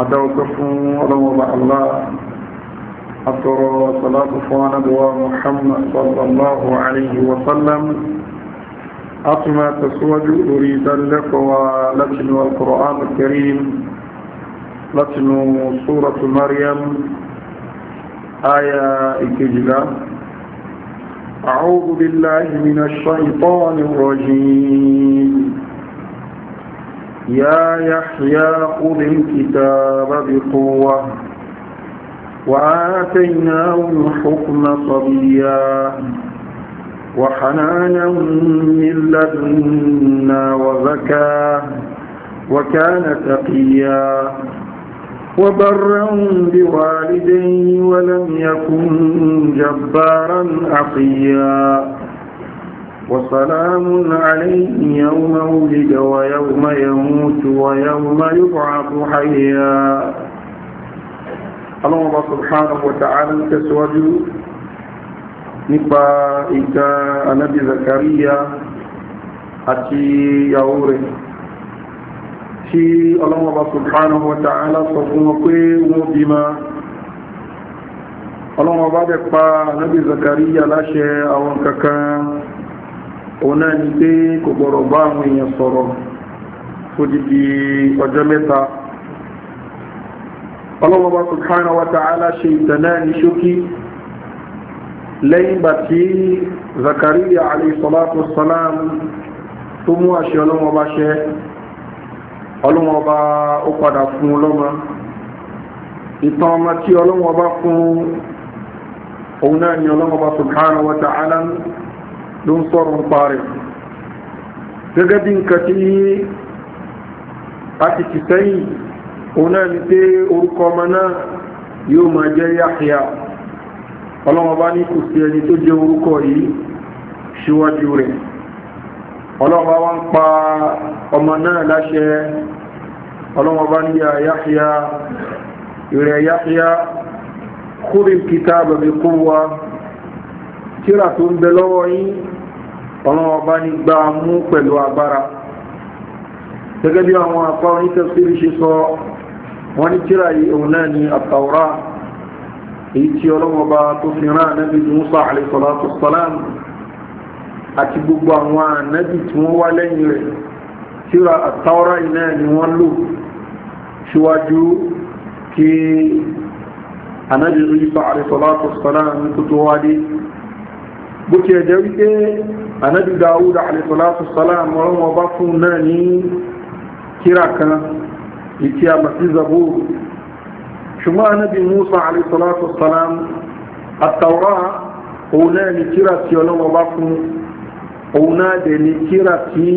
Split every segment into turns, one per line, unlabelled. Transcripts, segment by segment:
adáwọ́pẹ́ fún ọlọ́wọ́ba Allah atọrọ salatu fún anábọ̀wá Muhammad sallallahu alayhi wa sallam a tún máa tẹ̀síwájú lórí ìdánilẹ́kọ̀ọ́wà látinú al-Qur'an al-Karim látinú súratu Maryam أعوذ بالله من الشيطان الرجيم يا يحيى خذ الكتاب بقوة وآتيناه الحكم صبيا وحنانا من لدنا وزكاه وكان تقيا وبرا بوالدي ولم يكن جبارا أقيا وسلام عليه يوم ولد ويوم يموت ويوم يبعث حيا الله سبحانه وتعالى تسوج نبا إيكا النبي زكريا أتي يوري tí ọlọ́wọ́ bá subhanahu wa ta'ala sọ fún wọn pé wọ́n bí ma ọlọ́wọ́ bá bẹ̀ pa nábi zakariya láṣẹ àwọn kankan òun náà ni pé kò gbọ́dọ̀ bá àwọn èèyàn sọ̀rọ̀ fòdìdì ọjọ́ mẹ́ta ọlọ́mọba subhanahu wa ta'ala ṣe ìtẹ̀lẹ́ ní ṣókí lẹ́yìn ìgbà tí zakariya alayhi salatu wassalam tó mú àṣẹ ọlọ́mọba ṣẹ ọlọ́mọba ó padà fún ọlọ́mọ ìtàn ọmọ tí ọlọ́mọba fún òun náà ni ọlọ́mọba subhanahu wa ta'ala ní ló ń sọ̀rọ̀ ń parẹ̀ gẹ́gẹ́ bí nǹkan tí a ti ti sẹ́yìn òun náà ni pé orúkọ ọmọ náà yóò máa jẹ́ Yahya ọlọ́wọ́ bá kò sí ẹni tó jẹ́ orúkọ yìí síwájú rẹ̀ ọlọ́wọ́ wá ń pa ọmọ náà láṣẹ ọlọ́wọ́ bá ní Yahya ìrẹ̀ Yahya kúrin kìtàbà bí kúwa tíra tó ń bẹ lọ́wọ́ yín ọlọ́run ọba ní gbá mú pẹ̀lú agbára gẹ́gẹ́ bí àwọn apá onítẹ̀síri ṣe sọ wọ́n ní tíra yìí òun náà ni àtàwọ́rá èyí tí ọlọ́run ọba tó fi rán ànábì Musa alayhi salatu àti gbogbo àwọn ànábì tí wọ́n wá lẹ́yìn rẹ̀ tíra àtàwọ́rá yìí náà ni wọ́n lò síwájú kí ànábì Musa alayhi salatu tó tó wá dé bó ti ẹ̀jẹ̀ wípé anabi dawud alayhisalatu salam wọn wọn bá fún náà ní kíra kan ìtì àmàtí zabur ṣùgbọ́n anabi musa alayhisalatu salam àtàwọ́rá òun náà ní kíra tí ọlọ́wọ́ bá fún òun náà dẹ̀ ní kíra tí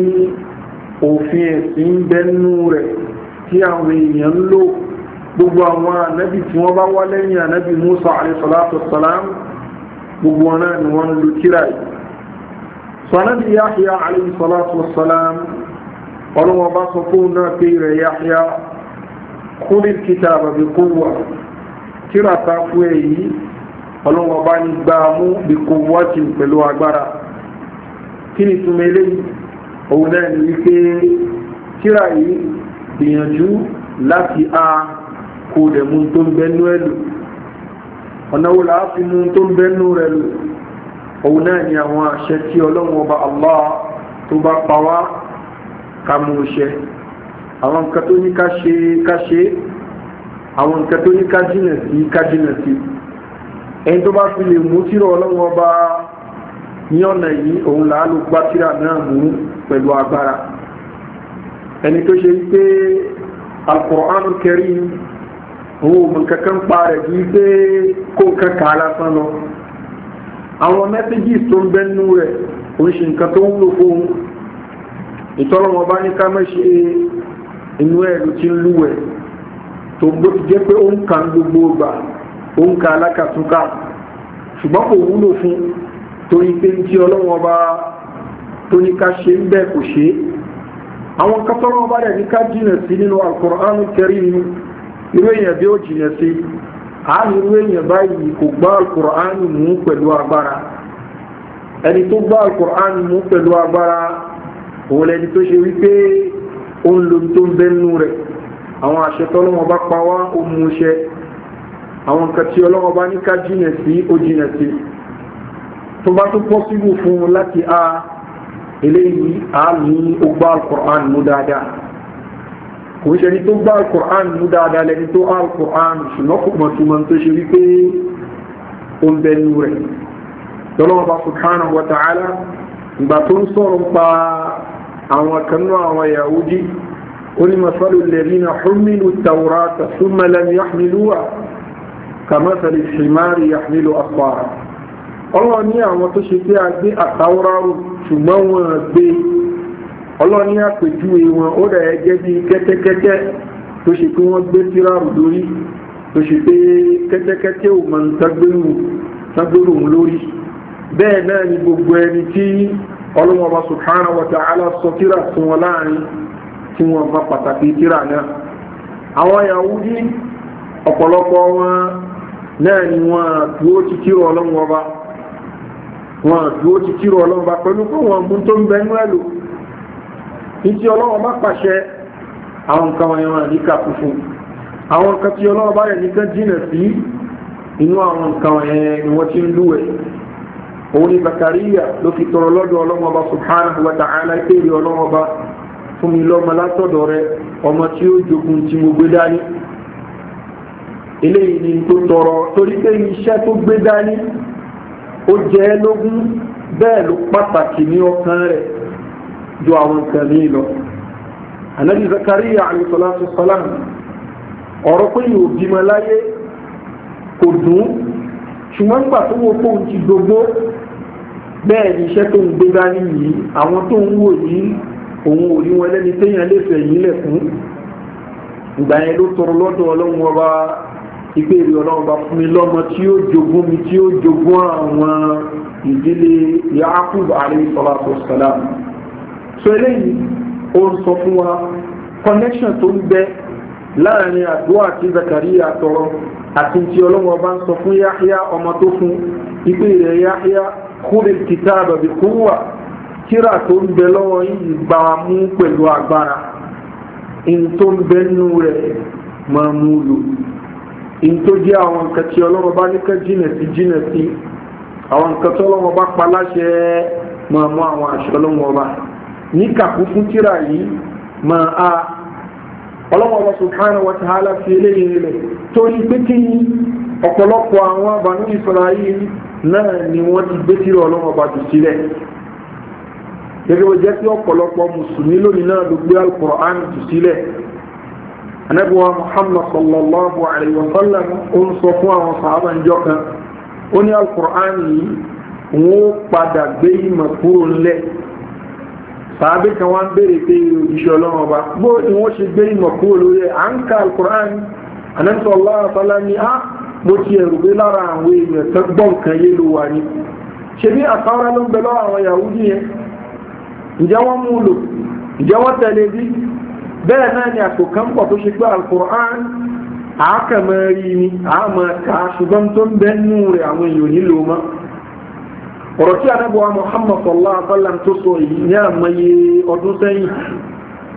òfin ẹ̀sìn bẹ́nu rẹ̀ tí àwọn èèyàn ń lò gbogbo àwọn anabi tí wọ́n bá wá lẹ́yìn anabi musa alayhisalatu salam gbogbo wọn náà ni wọ́n lu tíra yìí sọ̀nàbí yáhíyá alayhi salatu wa salam ọlọ́wọ́ bá sọ fóun náà pé rẹ̀ yáhíyá kúrì kìtàbà bí kúwà tíra ta fún èyí bá ní gbà mú bí kúwà tì agbára kí ni túnmọ̀ òun náà ni wípé tíra yìí gbìyànjú láti a kò dẹ̀ tó ń bẹ́nu ẹ̀lú ọ̀nà wo làá fi mú tó ń bẹ́nu rẹ̀ lò òun náà ni àwọn àṣẹ tí ọlọ́run ọba Allah tó bá pa wá ká mú ṣe àwọn nǹkan tó ní ká ṣe ká ṣe àwọn nǹkan tó ní ká jìnà sí ká jìnà sí ẹni tó bá fi lè mú tírà ọlọ́run ọba ní ọ̀nà yìí òun làá ló gbá tírà náà mú pẹ̀lú agbára ẹni tó ṣe wípé Al-Qur'anul Karim o ò kankan pa rẹ̀ kì í ka kó kankan lásán lọ àwọn mẹ́sẹ́gì tó ń bẹ́nu rẹ̀ òun ṣe nǹkan tó wúlò fóun n'i bá ní ká mẹ́ṣe inú ẹ̀rù tí ń lúwẹ̀ ka gbogbo ọgbà ó ka ṣùgbọ́n kò wúlò fún torí pé ń tí ọlọ́wọ́ bá tó ká ṣe ń bẹ́ẹ̀ kò ṣe é àwọn kátọ́lọ́wọ́ bá rẹ̀ ní ká sí nínú irú èèyàn bí ó jìnà sí a ní irú èèyàn báyìí kò gbá alukur'ani mú pẹ̀lú agbára ẹni tó gbá alukur'ani mú pẹ̀lú agbára òun lẹni tó ṣe wípé ó ń lo tó ń bẹ́nu rẹ̀ àwọn àṣẹ tọ́lọ́wọ́ bá pa wá ó mú ṣẹ àwọn nǹkan tí ọlọ́wọ́ bá ní ká jìnà sí ó jìnà sí tó bá tún pọ́sibú fún un láti a eléyìí a ní ó gbá alukur'ani mú dáadáa kò ń ṣe ní tó gbá alukur'an mú dáadáa lẹni tó alukur'an ṣùgbọ́n kò mọ̀ túmọ̀ tó ṣe wípé ó ń bẹnu rẹ̀ lọ́lọ́wọ́ bá subhanahu wa ta'ala ìgbà tó ń sọ̀rọ̀ pa àwọn kanú àwọn yahudi ó ní masalu lẹ́rìnà humilu tawrata thumma lam yahmiluha kàmásàlì ṣìmárì yahmilu asfara ọlọ́wọ́ ní àwọn tó ṣe pé a gbé àtàwọ́rọ̀ ṣùgbọ́n wọn gbé ọlọ́ni àpèjúwe wọn ó rẹ̀ gẹ́gẹ́ bí kẹ́tẹ́kẹ́tẹ́ tó ṣe pé wọ́n gbé tíráàrù lórí tó ṣe pé kẹ́tẹ́kẹ́tẹ́ ò mọ̀ tágbérù lórí bẹ́ẹ̀ náà ni gbogbo ẹni tí ọlọ́wọ́n bá subhanahu wa ta'ala sọ tíra fún wọn láàrin tí wọ́n bá pàtàkì tíra náà àwọn Yahudi ọ̀pọ̀lọpọ̀ wọn náà ni wọ́n dúró ti tíra ọlọ́wọ́n bá wọ́n dúró ti tíra ọlọ́wọ́n bá pẹ̀lú pé wọ́n mú tó ń bẹ́ẹ̀ ìtí ọlọ́wọ́ má pàṣẹ àwọn nǹkan wọn ẹran àníkà funfun àwọn nǹkan tí ọlọ́wọ́ bá rẹ̀ nìkan jìnà sí inú àwọn nǹkan wọn ẹran ni wọ́n ti ń lúwẹ̀ òun ni Zakariya ló fi tọrọ lọ́dọ̀ ọlọ́wọ́ ọba subhanahu wa ta'ala ìpèrè ọlọ́wọ́ ọba fún mi lọ́mọ látọ̀dọ̀ rẹ ọmọ tí ó jogun tí mo gbé dání eléyìí ni tó tọrọ torí pé iṣẹ́ tó gbé dání ó jẹ́ lógún bẹ́ẹ̀ ló pàtàkì ní ọkàn rẹ̀ ju àwọn nǹkan ní lọ anabi zakariya alayhisalatu salam ọ̀rọ̀ pé yóò bímọ láyé kò dùn ṣùgbọ́n nígbà tó wo fóun ti gbogbo bẹ́ẹ̀ ni iṣẹ́ tó ń gbé dání yìí àwọn tó ń wò yìí òun ò rí wọn lẹ́ni téèyàn lè fẹ̀ yín lẹ̀ ìgbà yẹn ló tọrọ lọ́dọ̀ ọlọ́run ọba ìbéèrè ọlọ́run ọba fún mi lọ́mọ tí ó jogún mi tí ó jogún àwọn ìdílé yaakub alayhi salatu so eléyìí ó ń sọ fún wa connection tó ń bẹ láàrin àdúrà tí Zakariya tọrọ àti tí ọlọ́wọ́ bá ń sọ fún Yahya ọmọ tó fún ipe rẹ̀ Yahya kúrè kìtàbà bí kúwà kíra tó ń bẹ lọ́wọ́ yìí gbà mú pẹ̀lú agbára ìntó ń bẹ nínú rẹ̀ máa mú lò ìntó jẹ́ àwọn nǹkan tí ọlọ́wọ́ bá ní ká jìnà sí jìnà sí àwọn nǹkan tí ọlọ́wọ́ bá pa láṣẹ máa mú àwọn àṣọ ọlọ́wọ́ bá ní kàkúkún tíra yìí máa a ọlọ́wọ́ subhanahu wa ta'ala fi eléyìí rẹ̀ torí pé kí ni ọ̀pọ̀lọpọ̀ àwọn Banu Isra'il náà ni wọ́n ti gbé tíra ọlọ́wọ́ bá jù sílẹ̀ gẹ́gẹ́ bó jẹ́ pé ọ̀pọ̀lọpọ̀ mùsùlùmí lónìí náà ló gbé al-Qur'an jù sílẹ̀ anabiwa Muhammad sallallahu alayhi wa sallam ó ń sọ fún àwọn sàhábà ń jọ kan ó ní al-Qur'an yìí wọ́n padà gbé ìmọ̀ kúrò ńlẹ̀ tàbí kan wá ń bèèrè pé òjíṣẹ́ ọlọ́run ọba bó ni wọ́n ṣe gbé ìmọ̀ kúrò lórí ẹ̀ à ń ka alukur'an anẹ́sọ̀ ọlọ́run ni a mo ti ẹ̀rù gbé lára àwọn èèyàn tó gbọ́ nǹkan yé ló wà ní ṣe bí àtàwọn ló ń bẹ lọ́wọ́ àwọn Yahudi yẹn ǹjẹ́ wọ́n mú lò ǹjẹ́ wọ́n tẹ̀lé bí bẹ́ẹ̀ náà ni àpò kan pọ̀ tó ṣe pé alukur'an àákàmọ́ rí ni àmọ́ ká ṣùgbọ́n tó ń bẹ́ẹ̀ nù rẹ̀ àwọn èèyàn nílò mọ́ ọ̀rọ̀ tí anábọ̀wá Muhammad sallallahu alaihi wasallam tó sọ yìí ní àmọye ọdún sẹ́yìn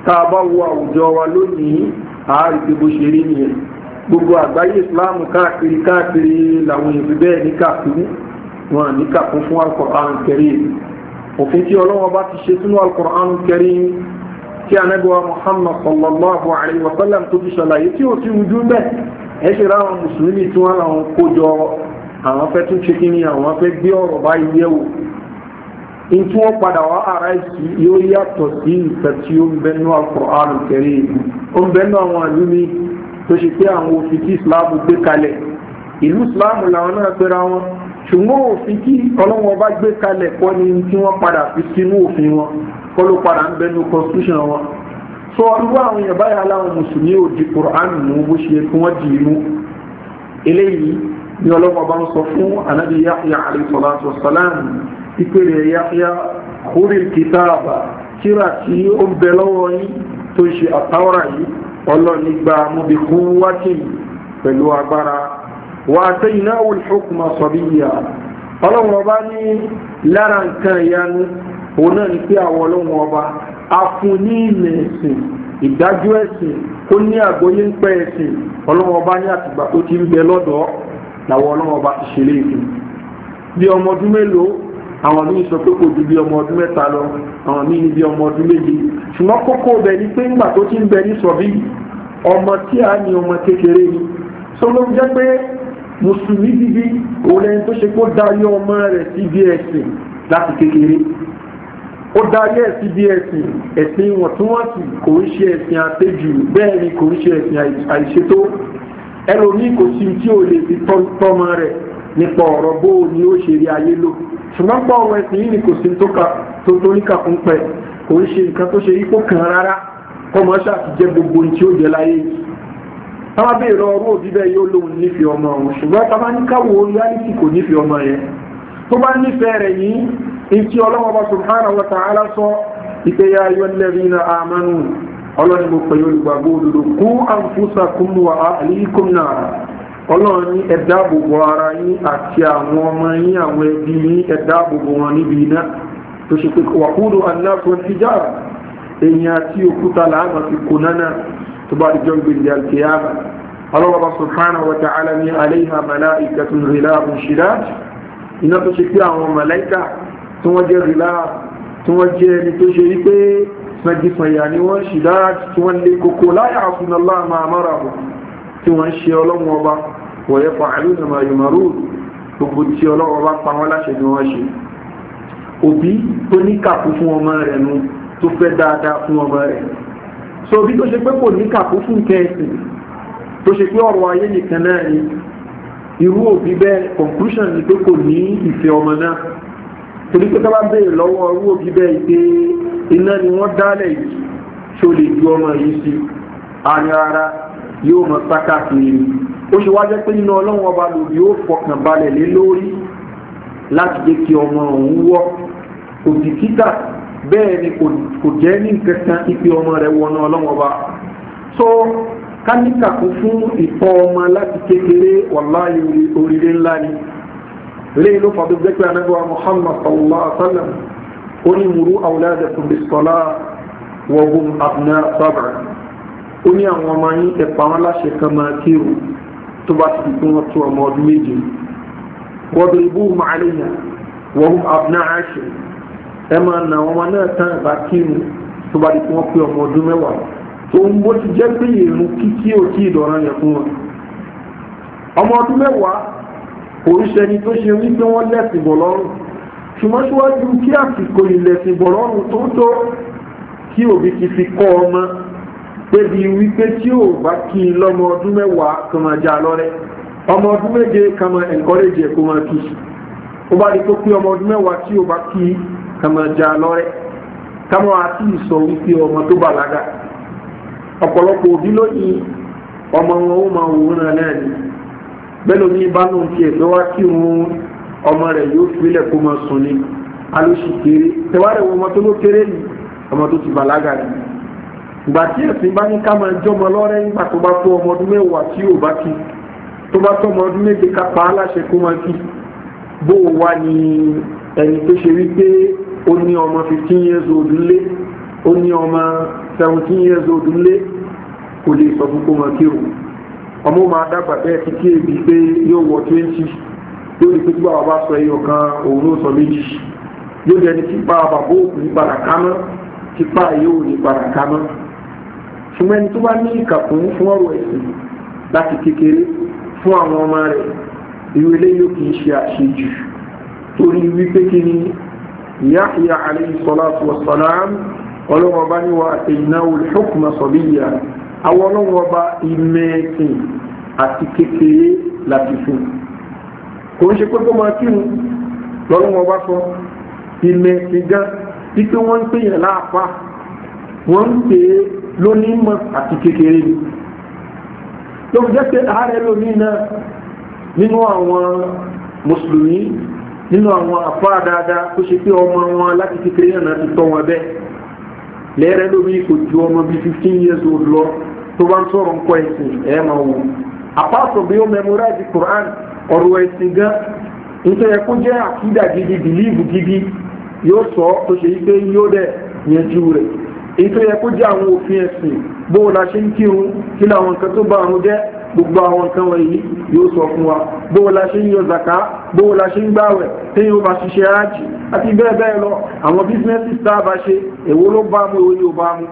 tá a bá wo àwùjọ wa lónìí àárí pé bó ṣe rí nìyẹn gbogbo àgbáyé Islam káàkiri káàkiri làwọn èèyàn fi bẹ́ẹ̀ ní kàkúrú wọn ní kàkún fún Al-Qur'an Karim òfin tí ọlọ́wọ́ bá ti ṣe sínú Al-Qur'an Karim tí anábọ̀wá Muhammad sallallahu alaihi wasallam tó fi ṣàlàyé tí ò sí ojú bẹ́ẹ̀ ẹ àwọn fẹ́ tún ṣe kí ni àwọn fẹ́ gbé ọ̀rọ̀ báyìí yẹ̀wò in tí wọ́n padà wá ara ìsì yóò yàtọ̀ sí ìfẹ́ tí ó ń bẹnu Al-Qur'an Al-Karim ó ń bẹnu àwọn ìlú mi tó ṣe pé àwọn òfin tí Islam gbé kalẹ̀ ìlú Islam làwọn náà pera wọn ṣùgbọ́n òfin tí ọlọ́wọ́n bá gbé kalẹ̀ kọ́ ni tí wọ́n padà fi sínú òfin wọn kọ́ ló padà ń bẹnu constitution wọn sọ irú àwọn èèyàn báyà láwọn mùsùlùmí ò di Qur'an mú bó ṣe kí wọ́n dì í eléyìí ní ọlọ́wọ́ bá ń sọ fún anábi yahya alayhisalatu wasalam ìpèrè yahya kúrì kìtàbà kíra tí ó ń bẹ lọ́wọ́ yín tó ń ṣe àtàwọ̀rà yìí ọlọ́ni gba múbi kún wákìn pẹ̀lú agbára wà á tẹ́yìn náà wọ́n hukma sabiyya ọlọ́wọ́ bá ní lára nǹkan ìyanu òun náà ni pé àwọn ọlọ́wọ́ a fún ní ìmẹ̀ ẹ̀sìn ìdájọ́ ẹ̀sìn ó ní àgbóyé ń pẹ́ ẹ̀sìn ọlọ́wọ́ ní àtìgbà tó ti ń bẹ lọ́dọ̀ọ́ làwọn ọlọ́wọ́ bá ti ṣe léèfin bí ọmọ ọdún mélòó àwọn míì sọ pé kò ju bí ọmọ ọdún mẹ́ta lọ àwọn míì ní bí ọmọ ọdún méje ṣùgbọ́n kókó bẹ̀ ni pé ńgbà tó ti ń bẹ ní sọ̀bí ọmọ tí a ní ọmọ kékeré ni so ló jẹ́ pé mùsùlùmí gidi òun tó ṣe kó darí ọmọ rẹ̀ sí bí ẹ̀sìn láti kékeré ó darí ẹ̀ sí bí ẹ̀sìn ẹ̀sìn wọ̀ntúnwọ̀nsì kò ń ṣe ẹ̀sìn àtẹ́jù bẹ́ẹ̀ ni kò ń ṣe ẹ̀sìn àìṣètò ẹlòmíì kò sí tí o lè fi tọ́mọ rẹ̀ nípa ọ̀rọ̀ bó o ní ó ṣe rí ayé lò ṣùgbọ́n pọ̀ ọ̀rọ̀ ẹ̀sìn yìí ni kò sí tó tó níkà fún pẹ̀ kò ń ṣe nǹkan tó ṣe ipò kan rárá kọ́mọ ṣáàtì jẹ́ gbogbo ohun tí ó jẹ láyé táwa béèrè ọrú òbí bẹ́ẹ̀ yóò lóun nífẹ̀ẹ́ ọmọ òun ṣùgbọ́n táwa ní káwọ́ reality kò nífẹ̀ẹ́ ọmọ yẹn tó bá nífẹ̀ẹ́ rẹ̀ yìí ní tí ọlọ́wọ́ bá subhanahu wa ta'ala sọ ìpéyà àmánú ọlọ́run mo pẹ̀lú ìgbàgbọ́ òdodo kú anfusakum wa ahlikum náà ọlọ́run ní ẹ dáàbò bo ara yín àti àwọn ọmọ yín àwọn ẹbí yín ẹ dáàbò bo wọn níbi iná tó ṣe pé wàkúrò aláfọ tijara èyàn àti òkúta làánà ti kò náà tó bá di jọ́ǹgbè ìdí alkiyama ọlọ́wọ́ subhanahu wa ta'ala ní alayha malaikatun ghilabun shidad iná tó ṣe pé àwọn màláìkà tí wọ́n jẹ́ rìlá tí wọ́n jẹ́ ẹni tó ṣe wípé sàgìsànyà ni wọ́n ṣì dára tí wọ́n lé kókó láyà àfin Allah máa mara o tí wọ́n ṣe ọlọ́run ọba wọ̀nyẹ́ pàálù ní ma yòmọ̀rú gbogbo tí ọlọ́run ọba pa wọ́n láṣẹ ni wọ́n ṣe òbí tó ní kàkú fún ọmọ rẹ̀ nu tó fẹ́ dáadáa fún ọmọ rẹ̀ so òbí tó ṣe pé kò ní kàkú fún kẹ́ẹ̀sìn tó ṣe pé ọ̀rọ̀ ayé nìkan náà ni irú òbí bẹ́ẹ̀ conclusion ni pé kò ní ìfẹ́ ọmọ náà torí pé sábà béèrè lọ́wọ́ orú òbí bẹ́ẹ̀ pé iná ni wọ́n dálẹ̀ yìí ṣó lè ju ọmọ yìí sí àní ara yóò mọ sáká kiri ó ṣe wá jẹ́ pé iná ọlọ́run ọba lòdì yóò fọkàn balẹ̀ lé lórí láti jẹ́ kí ọmọ òun wọ́ òbíkítà bẹ́ẹ̀ ni kò jẹ́ ní kankan ipe ọmọ rẹ̀ wọnà ọlọ́wọ́ bá so káníkà kún fún ìtọ́ ọmọ láti kékeré wàláyé oríire ńlá ni eléyìí ló fàdó jẹ́ pé anábíwá muhammad sallallahu alaihi wa sallam ó ní muru awladakum bis-salah wa hum abna sab'a ó ní àwọn ọmọ yín ẹ̀pà wọn láṣẹ kan máa kírun tó bá ti kún wọn tó ọmọ ọdún méje wadribuhum 'alayha wa hum abna 'ashra ẹ máa nà wọn náà tán ìbá kírun tó bá ti kún wọn pé ọmọ ọdún mẹ́wàá tó ń bó ti jẹ́ pé ìrún kíkí ò tí ì dọ̀ràn yẹn fún wọn ọmọ ọdún mẹ́wàá kò ń ṣẹni tó ṣe wípé wọ́n lẹ́sìn bọ̀ lọ́rùn ṣùgbọ́n síwájú kí àsìkò ìlẹ̀sìn bọ̀ lọ́rùn tó tó kí òbí ti fi kọ́ ọmọ débi wípé tí ò bá kí i lọ́mọ ọdún mẹ́wàá kan máa já lọ́rẹ́ ọmọ ọdún méje kan máa encourage ẹ̀ kó máa kí i ó bá di pé pé ọmọ ọdún mẹ́wàá tí ò bá kí i kan máa já lọ́rẹ́ kámọ́ àti ìsọ wípé ọmọ tó bàlágà ọ̀pọ̀lọpọ̀ òbí lónìí ọmọ wọn ó máa wòran náà ni bẹ́ẹ̀ ni bá lóun tiẹ̀ tó wá kí òun ọmọ rẹ̀ yóò filẹ̀ kó máa sùn ni alóṣì kéré tẹwárẹ̀ wọn ọmọ tó ló kéré ni ọmọ tó ti bàlágà ni ìgbà tí ẹ̀sìn bá ní ká máa jọmọ lọ́rẹ́ nígbà tó bá tó ọmọ ọdún mẹ́wàá tí ò bá kí tó bá tó ọmọ ọdún méje ká pa á láṣẹ kó máa kí bó o wá ní ẹni tó ṣe wípé ó ní ọmọ fifteen years old lé ó ní ọmọ seventeen years old lé kò lè sọ fún kó máa kírun ọmọ máa dàgbà bẹ́ẹ̀ ti kí èbí pé yóò wọ twenty yóò di pé tí bàbá bá sọ ẹyọ kan òun ló sọ méjì yóò di ẹni tí pa bàbá òkú ní padà kámọ́ tí pa yóò ní padà kámọ́ ṣùgbọ́n ẹni tó bá ní ìkàkùn fún ọ̀rọ̀ ẹ̀sìn láti kékeré fún àwọn ọmọ rẹ̀ irú eléyìí ò kì í ṣe àṣejù torí wípé kí ni Yahya alayhi salatu wa salam ọlọ́wọ́ bá ní wa ìnáwó ìṣókùnmọ́sọ̀bíyà àwọn ọlọ́run ọba ìmẹ̀ẹ̀sìn àti kékeré láti fún kò ń ṣe pé kó máa kírun lọ́lọ́run ọba sọ ìmẹ̀ẹ̀sìn gan wípé wọ́n ń pè yàn láàpá wọ́n ń pè é lónímọ̀ àti kékeré ni ló fi jẹ́ pé ààrẹ lómi náà nínú àwọn mùsùlùmí nínú àwọn àfáà dáadáa tó ṣe pé ọmọ wọn láti kékeré náà ti tọ́ wọn bẹ́ẹ̀ lẹ́rẹ́ lómi kò ju ọmọ bíi fifteen years old lo, tó bá ń sọ̀rọ̀ ń kọ́ ẹ̀sìn ẹ̀ máa wò apáṣọ bí ó memorize Quran ọ̀rọ̀ ẹ̀sìn gan nítorí kó jẹ́ àkídà gidi bìlíìfù gidi yóò sọ tó ṣe yí pé yóò dẹ̀ yanjú rẹ̀ nítorí kó jẹ́ àwọn òfin ẹ̀sìn bóun la ṣe ń kírun kí làwọn nǹkan tó bá àrùn jẹ́ gbogbo àwọn nǹkan wọ̀nyí yóò sọ fún wa bóun la ṣe ń yọ zaka bóun la ṣe ń tẹ́yìn ó bá ṣiṣẹ́ ájì àti bẹ́ẹ̀ bẹ́ẹ̀ lọ àwọn bísínẹ́sì tá a bá ṣe èwo ló bá mu èwo ni ò bá mu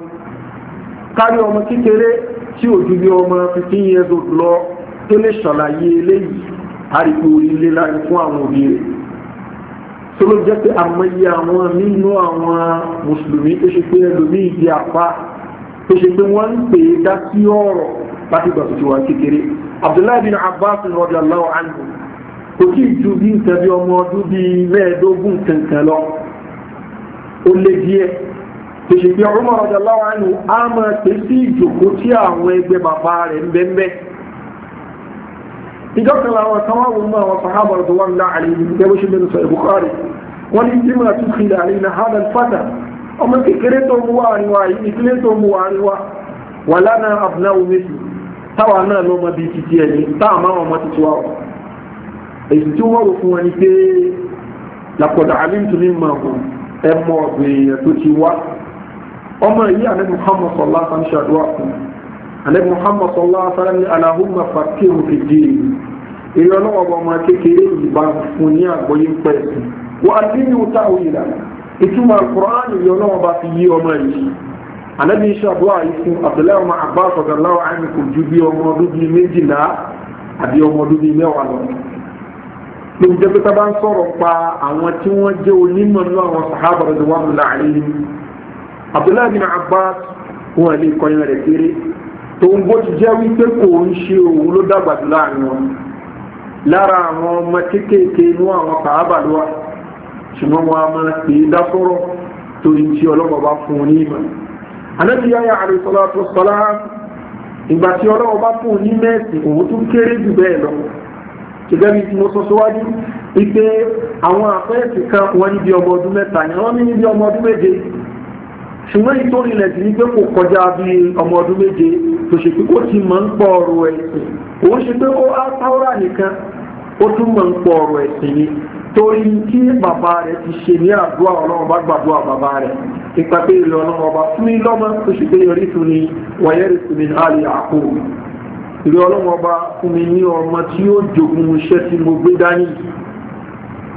kárí ọmọ kékeré tí ò ju bí ọmọ fifteen years old lọ tó lè ṣàlàyé eléyìí àríkò ilé láàrin fún àwọn òbí rẹ̀ tó ló jẹ́ pé àmọye àwọn nínú àwọn mùsùlùmí tó ṣe pé ẹlòmíì di apá tó ṣe pé wọ́n ń pè é dá sí ọ̀rọ̀ láti gbà tó kékeré Abdullahi bin Abbas radiyallahu anhu kò tí ntabi ju bí nǹkan bí ọmọ ọdún bíi mẹ́ẹ̀ẹ́dógún kankan lọ ó lé díẹ̀ tòṣèpé Umar radiyallahu anhu á máa pè sí ìjòkó tí àwọn ẹgbẹ́ bàbá rẹ̀ ń bẹ́ńbẹ́ ìjọkan làwọn kan wá wọnú àwọn sahaba tó wà nílá àlè ní gẹ́gẹ́ bó ṣe sọ Bukhari wọ́n ní tí fìlà àlè ní hàn ọmọ kékeré tó mú àríwá yìí titi èyí tí wọ́n rò fún wọn ni pé lakọ̀dà alimtu ní mọ̀ ọ̀hún ẹ mọ̀ ọ̀gbìn tó ti wá ọmọ yìí àlẹ́ muhammad sọlá san ṣàdúrà fún àlẹ́ muhammad sọlá san ní alahumma fìdí èyí ọlọ́wọ́ bọ̀ ọmọ kékeré yìí bá fún ní àgbọ̀yé pẹ̀ sí wọ́n á dín ní wọ́n táwọn yìí ìtumọ̀ alukur'an yìí ọlọ́wọ́ bá fi yí ọmọ yìí àlẹ́bí ṣàdúrà yìí fún abdullahi abbas ọ̀gá láwọn àmì ju bí ọmọ ọdún bíi méjìlá àbí ọmọ ọdún bíi mẹ́wàá lọ ló ń jẹ́ pé tábà ń pa àwọn tí wọ́n jẹ́ onímọ̀ nínú àwọn sàhábà rẹ̀ wà lọ́la àlẹ́yìn Abdullahi bin Abbas wọn lè kọyìn rẹ̀ kéré tòun bó ti jẹ́ wípé kò ń ṣe òun ló wọn lára àwọn ọmọ kéékèèké inú àwọn sàhábà lọ́wọ́ ṣùgbọ́n wọn a máa pè é dásọ̀rọ̀ torí tí ọlọ́mọ bá fún un ní alayhi salatu ìgbà gẹ́gẹ́ bí mo sọ síwájú wípé àwọn àpẹẹsì kan wọ́n níbi ọmọ ọdún mẹ́ta ni wọ́n ní níbi ọmọ ọdún méje ṣùgbọ́n ìtòrí ilẹ̀ ti ní pé kò kọjá bí ọmọ ọdún méje tó ṣe pé kó ti mọ̀ ń pọ̀ ọ̀rọ̀ ẹ̀sìn òun ṣe pé ó á táwọ́rà nìkan ó tún mọ̀ ń pọ̀ ọ̀rọ̀ ẹ̀sìn ni torí kí bàbá rẹ̀ ti ṣe ní àdúrà ọlọ́run bá gbàdúrà bàbá rẹ̀ ìpàdé ìlú ọlọ́run ọba fún ilọ́mọ tó ṣe pé yọrí tún ni wọ̀nyẹ́rì tún ni àlè àkóò ìrí ọlọ́wọ́n bá fún mi ní ọmọ tí ó jogun iṣẹ́ tí mo gbé dání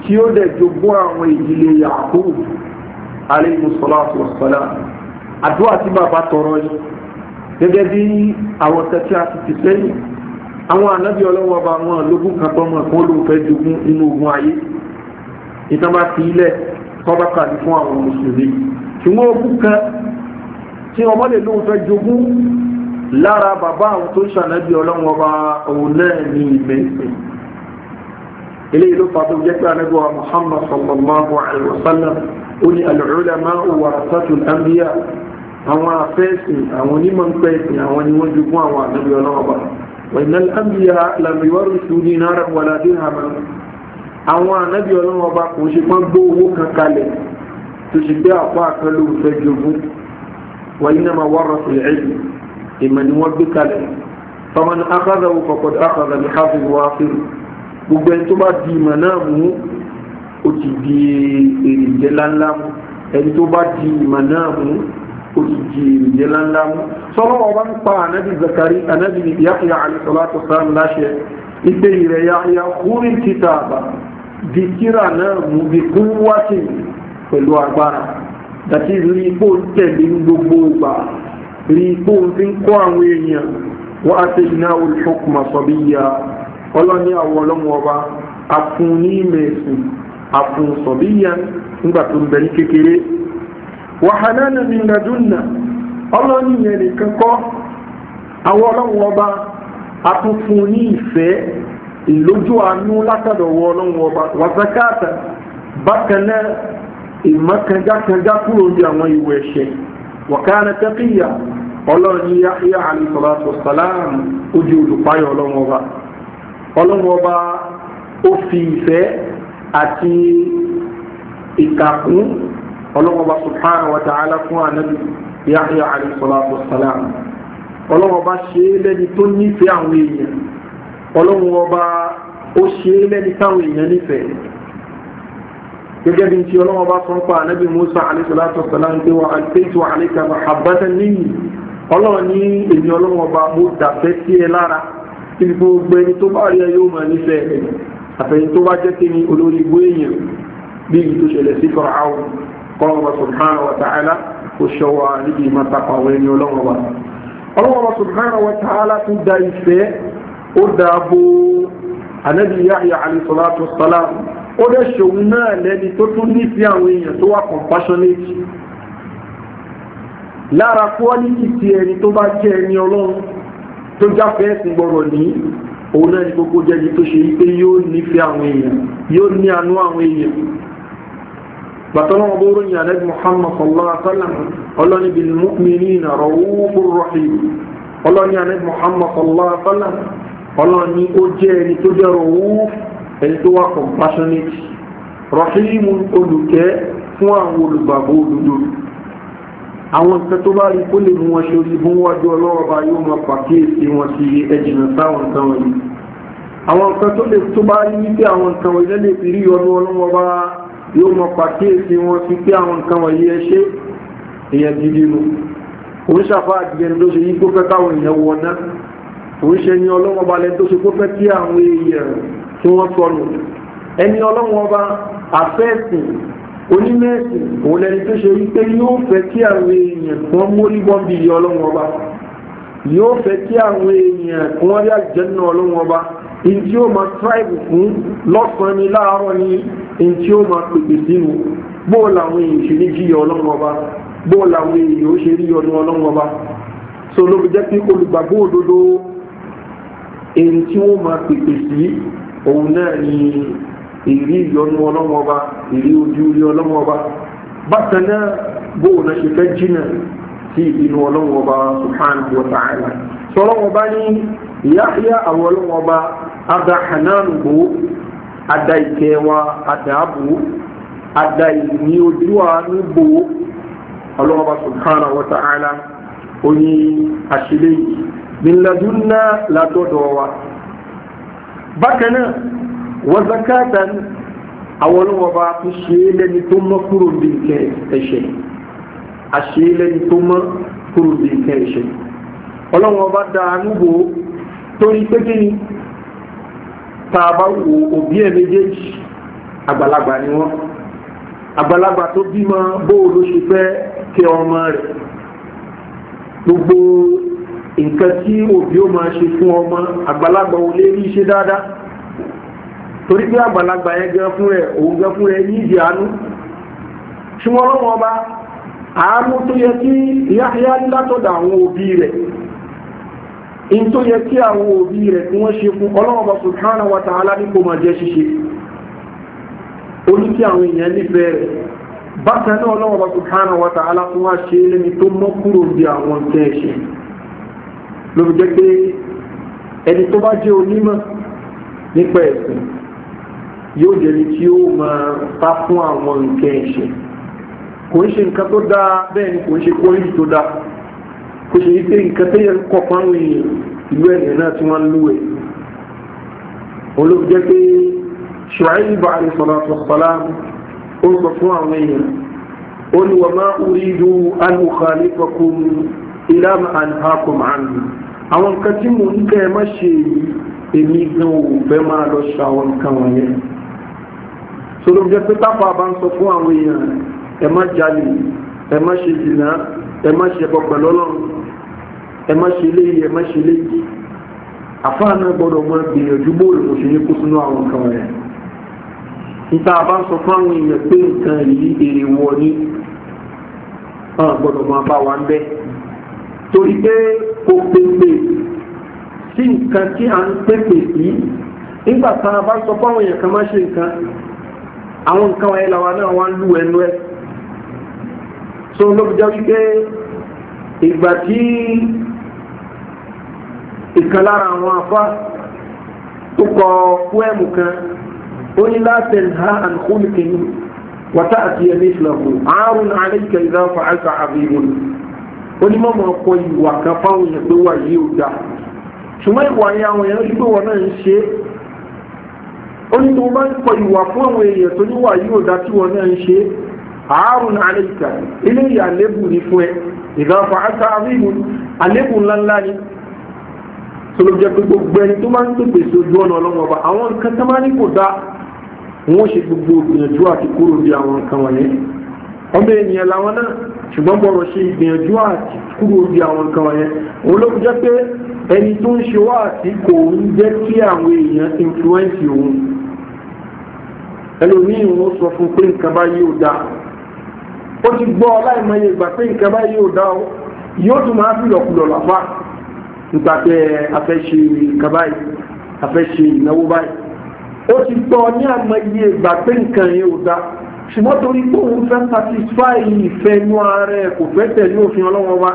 tí ó dẹ̀ jogún àwọn ìdílé Yaqub alayhi salatu wassalam àdúrà tí bàbá tọrọ yìí gẹ́gẹ́ bí àwọn tẹ́tí àti tìsẹ́yìn àwọn ànábì ọlọ́wọ́n bá wọn lógún kan tọ́ mọ̀ fún olóòfẹ́ jogun inú ogun ayé ìtàn bá fi ilẹ̀ tọ́ba kàdí fún àwọn mùsùlùmí ṣùgbọ́n ogun kan tí ọmọ lè jogun lára bàbá àwọn tó ṣànẹ́bí ọlọ́wọ́ bá òun náà ní ìmẹ́sìn eléyìí ló fà tó jẹ́ pé anẹ́gbọ́ Muhammad sallallahu alaihi wasallam ó ní al-ulama'u warathatul anbiya àwọn afẹ́sìn àwọn onímọ̀ ń pẹ́sìn àwọn ni wọ́n jogún àwọn ànábì ọlọ́wọ́ bá wa innal anbiya lam yuwarrithu dinaran wala dirhaman àwọn ànábì ọlọ́wọ́ kò ṣe pọ́n gbó owó kan tó ṣe pé àpá àkọlù fẹ́ jogún ìmọ̀ ni wọ́n gbé kalẹ̀ faman akadawo kọ̀kọ́ akadà ní hafi wáfíì gbogbo ẹni tó bá di ìmọ̀ náà mú ó ti di èrè jẹ́ láńlá mú ẹni tó bá di ìmọ̀ náà mú ó ti di èrè jẹ́ láńlá mú sọ́lọ́ ọba ń pa ànábì zakari ànábì Yahya alayhi salatu wassalam láṣẹ ipe ìrẹ̀ Yahya kúrin kitaba di kíra náà mú bí kún wáṣẹ̀ pẹ̀lú agbára dàtí rí ipò tẹ̀lé gbogbo ìgbà rí ipò ń kọ́ àwọn èèyàn wọ́n á ṣe iná olùṣọ́kùnmá sọ bí ya ọlọ́ni àwọn ọlọ́mọ ọba afun ní ìmẹ̀sìn afun sọ bí ya nígbà tó ń bẹ ní kékeré wàhánánà ní nàdúnà ọlọ́ni yẹn nìkan kọ́ àwọn ọlọ́mọ ọba afúnfun ní ìfẹ́ ìlójú àánú látọ̀dọ̀ wọ ọlọ́run ọba wàzákàtà bákan náà kúrò ní àwọn ẹ̀ṣẹ̀ ọlọ́run ní yáyá àlùsọ̀rọ̀ sàlám ojú olùpáyọ̀ ọlọ́run ọba ọlọ́run ọba ó fi ìfẹ́ àti ìkàkún ọlọ́run ọba subhanahu wa ta'ala fún ànábì yáyá àlùsọ̀rọ̀ sàlám ọlọ́run ọba ṣe é lẹ́ni tó nífẹ̀ẹ́ àwọn èèyàn ọlọ́run ọba ó ṣe é lẹ́ni táwọn èèyàn nífẹ̀ẹ́ gẹ́gẹ́ bí tí ọlọ́run ọba sọ ń pa ànábì Musa alayhi salatu wa salam àti ọlọ́run ní èmi ọlọ́run ọba mo dàfẹ́ sí ẹ lára kí ni gbogbo ẹni tó bá rí ẹ yóò máa nífẹ̀ẹ́ ẹ àfẹ̀yìn tó bá jẹ́ kí ni olórí ìbú èèyàn bí èyí tó ṣẹlẹ̀ sí fọ́ra áwọn kọ́lọ́run ọba subhanahu wa ta'ala kò ṣọwọ́ níbi ìmọ̀tàpọ̀ àwọn ẹni ọlọ́run ọba ọlọ́run ọba subhanahu wa ta'ala tún da ìfẹ́ ó dàbò anabi yahya alayhi salatu salam ó dẹ̀ ṣòun náà lẹ́ni tó tún nífẹ̀ẹ́ àwọn èèyàn tó wà compassionate lára kọ́ọ́lìtì ti ẹni tó bá jẹ́ ẹni ọlọ́run tó jáfẹ́ ẹ̀sìn gbọ́rọ̀ ní òun náà ni gbogbo jẹ́ni tó ṣe wípé yóò nífẹ̀ẹ́ àwọn èèyàn yóò ní àánú àwọn èèyàn bàtọ́lọ́wọ́ bóró ní alẹ́ Muhammad sallallahu alaihi wa sallam ọlọ́ni bil mu'minina ra'ufur rahim ọlọ́ni alẹ́ Muhammad sallallahu alaihi wa sallam ọlọ́ni ó jẹ́ ẹni tó jẹ́ ra'uf ẹni tó wà compassionate rahim olùkẹ́ fún àwọn olùgbàgbọ́ olùdó àwọn nǹkan tó bá rí kó lè mú wọn ṣorí bó ń wájú ọlọ́wọ́ bá yóò máa pàkíyèsí wọn sí ẹjìnà sáwọn nǹkan wọ̀nyí àwọn nǹkan tó lè tó bá rí wípé àwọn nǹkan wọ̀nyí lè fi rí ọdún ọlọ́wọ́ bá yóò máa pàkíyèsí wọn sí pé àwọn nǹkan wọ̀nyí ẹ ṣe èèyàn gidi nu òun ṣàfà àdìyẹn ló ṣe yí kó fẹ́ káwọn èèyàn wọ ná òun ṣe ni ọlọ́wọ́ onímẹ̀ẹ̀sì òun lẹni tó ṣe wípé yóò fẹ́ kí àwọn èèyàn wọn mórí wọn bí iye ọlọ́run ọba yóò fẹ́ kí àwọn èèyàn wọn rí àjẹ́nà ọlọ́run ọba in tí ó ma tribe fún lọ́sàn-án ni láàárọ̀ ni in tí ó ma pèpè sínú bó làwọn èèyàn ṣe ní jíyọ ọlọ́run ọba bó làwọn èèyàn ó ṣe rí ọdún ọlọ́run ọba so ló fi jẹ́ pé olùgbàgbọ́ òdodo èyí tí wọ́n ma pèpè sí òun náà ni ìrí ìyọnu ọlọ́mọba ìrí ojú rí ọlọ́mọba bákan náà bóun náà ṣe fẹ́ jìnnà sí inú ọlọ́mọba subhanahu wa ta'ala sọlọ́mọba ní Yahya àwọn ọlọ́mọba ada hananu bò ada ìkẹwà ada bò ada ìní ojú àánú bò ọlọ́mọba subhanahu wa ta'ala oní àṣìlẹ́yìn min ladunna látọ̀dọ̀ wa bákan náà wọ́n zakata àwọn ọlọ́wọ́ bá tún ṣe é lẹ́ni tó mọ́ kúrò bí nǹkan ẹ̀ṣẹ̀ àṣe é lẹ́ni tó mọ́ kúrò bí nǹkan ẹ̀ṣẹ̀ ọlọ́wọ́ bá da ànúbò torí pé kí ni tá a bá wo ni wọ́n àgbàlagbà tó bímọ bóò ló ṣe fẹ́ kí ọmọ gbogbo nǹkan tí òbí ó máa ṣe fún ọmọ àgbàlagbà ò lè rí iṣẹ́ dáadáa. torí pé àgbàlagbà yẹn gan fún rẹ̀ òun gan fún rẹ̀ ní àánú ṣùgbọ́n ọba àánú tó yẹ kí Yahya látọ̀dọ̀ àwọn òbí rẹ̀ in tó yẹ kí àwọn òbí rẹ̀ tí wọ́n ṣe fún Ọlọ́run Ọba subhanahu wa ta'ala ní kò máa jẹ́ ṣíṣe olùkí àwọn èèyàn nífẹ̀ẹ́ rẹ̀ bákan náà Ọlọ́run Ọba wa ta'ala tún wá ṣe lẹ́ni tó mọ́ kúrò bí àwọn nǹkan ẹ̀ṣẹ̀ ló fi jẹ́ pé ẹni tó bá yóò jẹni tí ó máa bá fún àwọn nǹkan ẹ̀ṣẹ̀ kò ń ṣe nǹkan tó dáa bẹ́ẹ̀ ni kò ń ṣe kórìí tó dáa kò ṣe wípé nǹkan tó yẹ kọ́ pàrọ̀ ìlú ẹ̀yìn náà tí wọ́n ń lú ẹ̀ olóògbé jẹ́ pé Shu'aib alayhi salatu wassalam ó sọ fún àwọn èèyàn ó ní wa ma uridu an ukhalifakum ila ma anhaakum anhu àwọn nǹkan tí mò ń kẹ́ ẹ má ṣe èmi gan ò fẹ́ máa lọ ṣe àwọn nǹkan wọ̀nyẹn sọlọ jẹ pé tápà bá ń sọ fún àwọn èèyàn ẹ má jalè ẹ má ṣe dìnnà ẹ má ṣe ẹbọ pẹ̀lú Ọlọ́run ẹ má ṣe léyìí ẹ má ṣe léyìí àfáà náà gbọ́dọ̀ máa gbìyànjú bóòlù kò ṣe ní kó sínú àwọn nǹkan rẹ níta bá ń sọ fún àwọn èèyàn pé nǹkan yìí èrè wọ ni wọn gbọ́dọ̀ máa bá wa ń bẹ torí pé kò pèpè sí nǹkan tí à ń pèpè sí nígbà tá a bá sọ fún àwọn èèyàn kan má ṣe nǹkan àwọn nǹkan wáyé làwa náà wá ń lù ẹnu ẹ so ló fi jẹ́ wípé ìgbà tí ìkan lára àwọn afá tó kọ fúẹ́mù kan ó ní láti ha àn kúlìkìn wàtá àti ẹ̀mí ìfìlàkù àárùn àlẹ́kẹ̀ ìdáfà àìsà àbíyùn ó ní mọ́mọ́ ọkọ̀ ìwà kan fáwọn èèyàn pé wà yìí ó dá ṣùgbọ́n ìwà yẹn àwọn èèyàn ṣùgbọ́n wọn náà ń ṣe é ó ní tí mo bá ń kọ ìwà fún àwọn èèyàn tó níwà yìí ò dá tí wọn náà ń ṣe àárùn àlẹ́ìkà ilé ìyà àlébù ní fún ẹ ìgbàfà àtà àríwú àlébù ńláńlá ni tó ló jẹ́ pé gbogbo ẹni tó máa ń pèpè sí ojú ọ̀nà ọlọ́wọ́ ọba àwọn nǹkan tó máa ní kò dá wọ́n ṣe gbogbo ìgbìyànjú àti kúrò bí àwọn nǹkan wọ̀nyẹn ọmọ ènìyàn làwọn náà ṣùgbọ́n bọ̀rọ̀ ṣe ìgbìyànjú àti kúrò bí àwọn nǹkan wọ̀nyẹn òun ló fi jẹ́ pé ẹni tó ń ṣe wá àti kò ń jẹ́ kí àwọn èèyàn influence òun ẹlòmíì wọn sọ fún pé nǹkan báyìí ò dáa ó ti gbọ́ láìmọye ìgbà pé nǹkan báyìí ò dáa o yóò tún máa fi lọ̀kulọ̀ làfà nígbà tẹ afẹ́ṣe nǹkan báyìí afẹ́ṣe ìnáwó báyìí ó ti gbọ́ ní àìmọye ìgbà pé nǹkan yẹn ò dáa ṣùgbọ́n torí pé òun fẹ́ satisfy ìfẹ́ inú ara ẹ̀ kò fẹ́ tẹ̀lé òfin ọlọ́wọ́ wa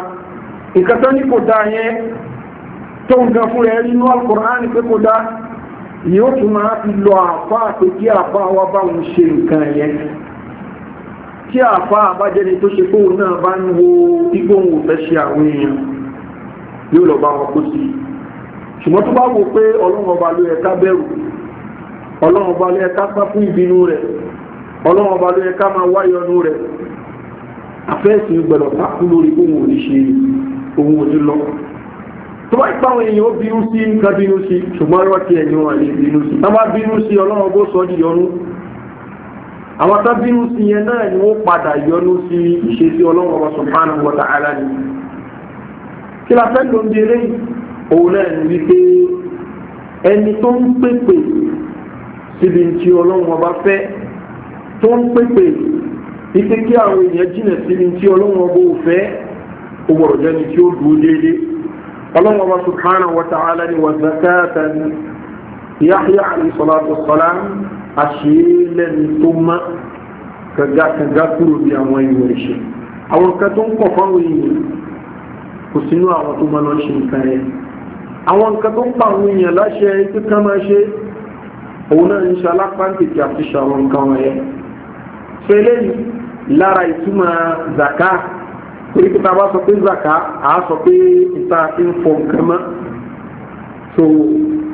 nǹkan tó ní kò dáa yẹn tó nǹkan fún ẹ rí inú Al-Qur'an pé kò dáa ni ó tún máa fi lọ àfá àti kí àfá wa bá wọn ṣe nǹkan yẹn tí àfá àbájẹni tó ṣe fóun náà bá ń wo igbóhùn òfẹ́ ṣe àwọn èèyàn yóò lọ bá wọn kó sí ṣùgbọ́n tó bá wò pé ọlọ́run ọba ló yẹ bẹ̀rù ọlọ́run ọba ló yẹ ká fún ìbínú rẹ̀ ọlọ́run ọba ló yẹ ká máa wáyọnu rẹ̀ àfẹ́sìn gbọ̀dọ̀ pákú lórí ohun òní ṣe ohun òní lọ́kọ̀ọ́ tó bá ipa àwọn èèyàn ó bínú sí nǹkan bínú sí ṣùgbọ́n ẹwà tí ẹ̀yìn wọn lè bínú sí tá bínú sí ọlọ́run bó sọ di yọnu àwọn tá bínú sí yẹn náà ni wọ́n padà yọnu sí ìṣesí ọlọ́run ọba subhanahu wa ta'ala ni kí la fẹ́ ló ń délé òun náà ní wípé ẹni tó ń pèpè síbi tí ọlọ́run ọba fẹ́ tó ń pèpè ipe kí àwọn èèyàn jìnà síbi tí ọlọ́run ọba ò fẹ́ ó jẹ́ni tí ó dúró déédéé ọlọ́run ọba subhanahu wa ta'ala ni wọ́n zakata ni yahya alayhi salatu wa salam àṣìlẹ̀ ní tó má kàgàkàgà kúrò bí àwọn ìwé ṣe àwọn kan tó ń kọ̀ fáwọn èèyàn kò sínú àwọn tó máa lọ ṣe torí pé táwa sọ pé zaka à á sọ pé ìta ń fọ nǹkan mọ́ so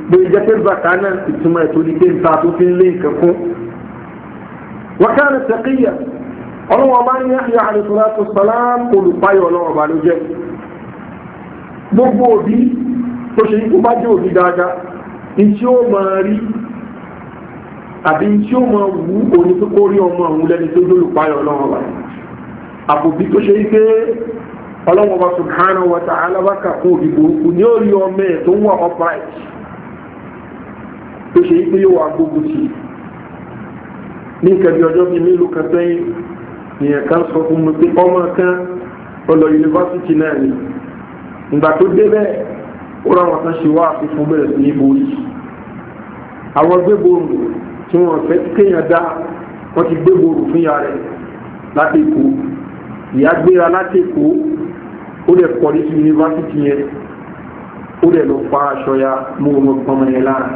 bóyá jẹ́ pé zaka náà ìtumọ̀ ètò ní pé ìta tó fi ń lé nǹkan fún. wákàtí taqiyya ọlọ́wọ́ bá ní Yahya alayhi salatu wassalam olùpáyọ̀ ọlọ́wọ́ bá ló jẹ́ gbogbo òbí tó ṣe ikú bá jẹ́ òbí dáadáa ìtí ó máa rí àbí ìtí ó máa wú òní tó kó rí ọmọ òun lẹ́ni tó jólùpáyọ̀ ọlọ́wọ́ báyìí àbòbí tó ṣe wípé ọlọ́wọ́n bá subhanahu wa ta'ala bá kàkún òbí burúkú ní orí ọmọ ẹ̀ tó ń wà upright tó ṣe wípé yóò wà gbogbo sí ní nǹkan bí ọjọ́ bíi mélòó kan sẹ́yìn nìyẹn kan sọ fún mi pé ọmọ kan ọlọ yunifásitì náà ni ìgbà tó débẹ̀ ó ra wọn kan ṣe wá àfihàn bẹ̀rẹ̀ sí ní borí àwọn gbégbóòrò tí wọn fẹ́ kéèyàn dá wọn ti gbégbóòrò fún yàrá rẹ̀ láti ikú ya gbéra láti èkó ó lè kọrí sí yunifásitì yẹn ó lè lọ fa aṣọ ya mú ọmọ ọmọ yẹn lára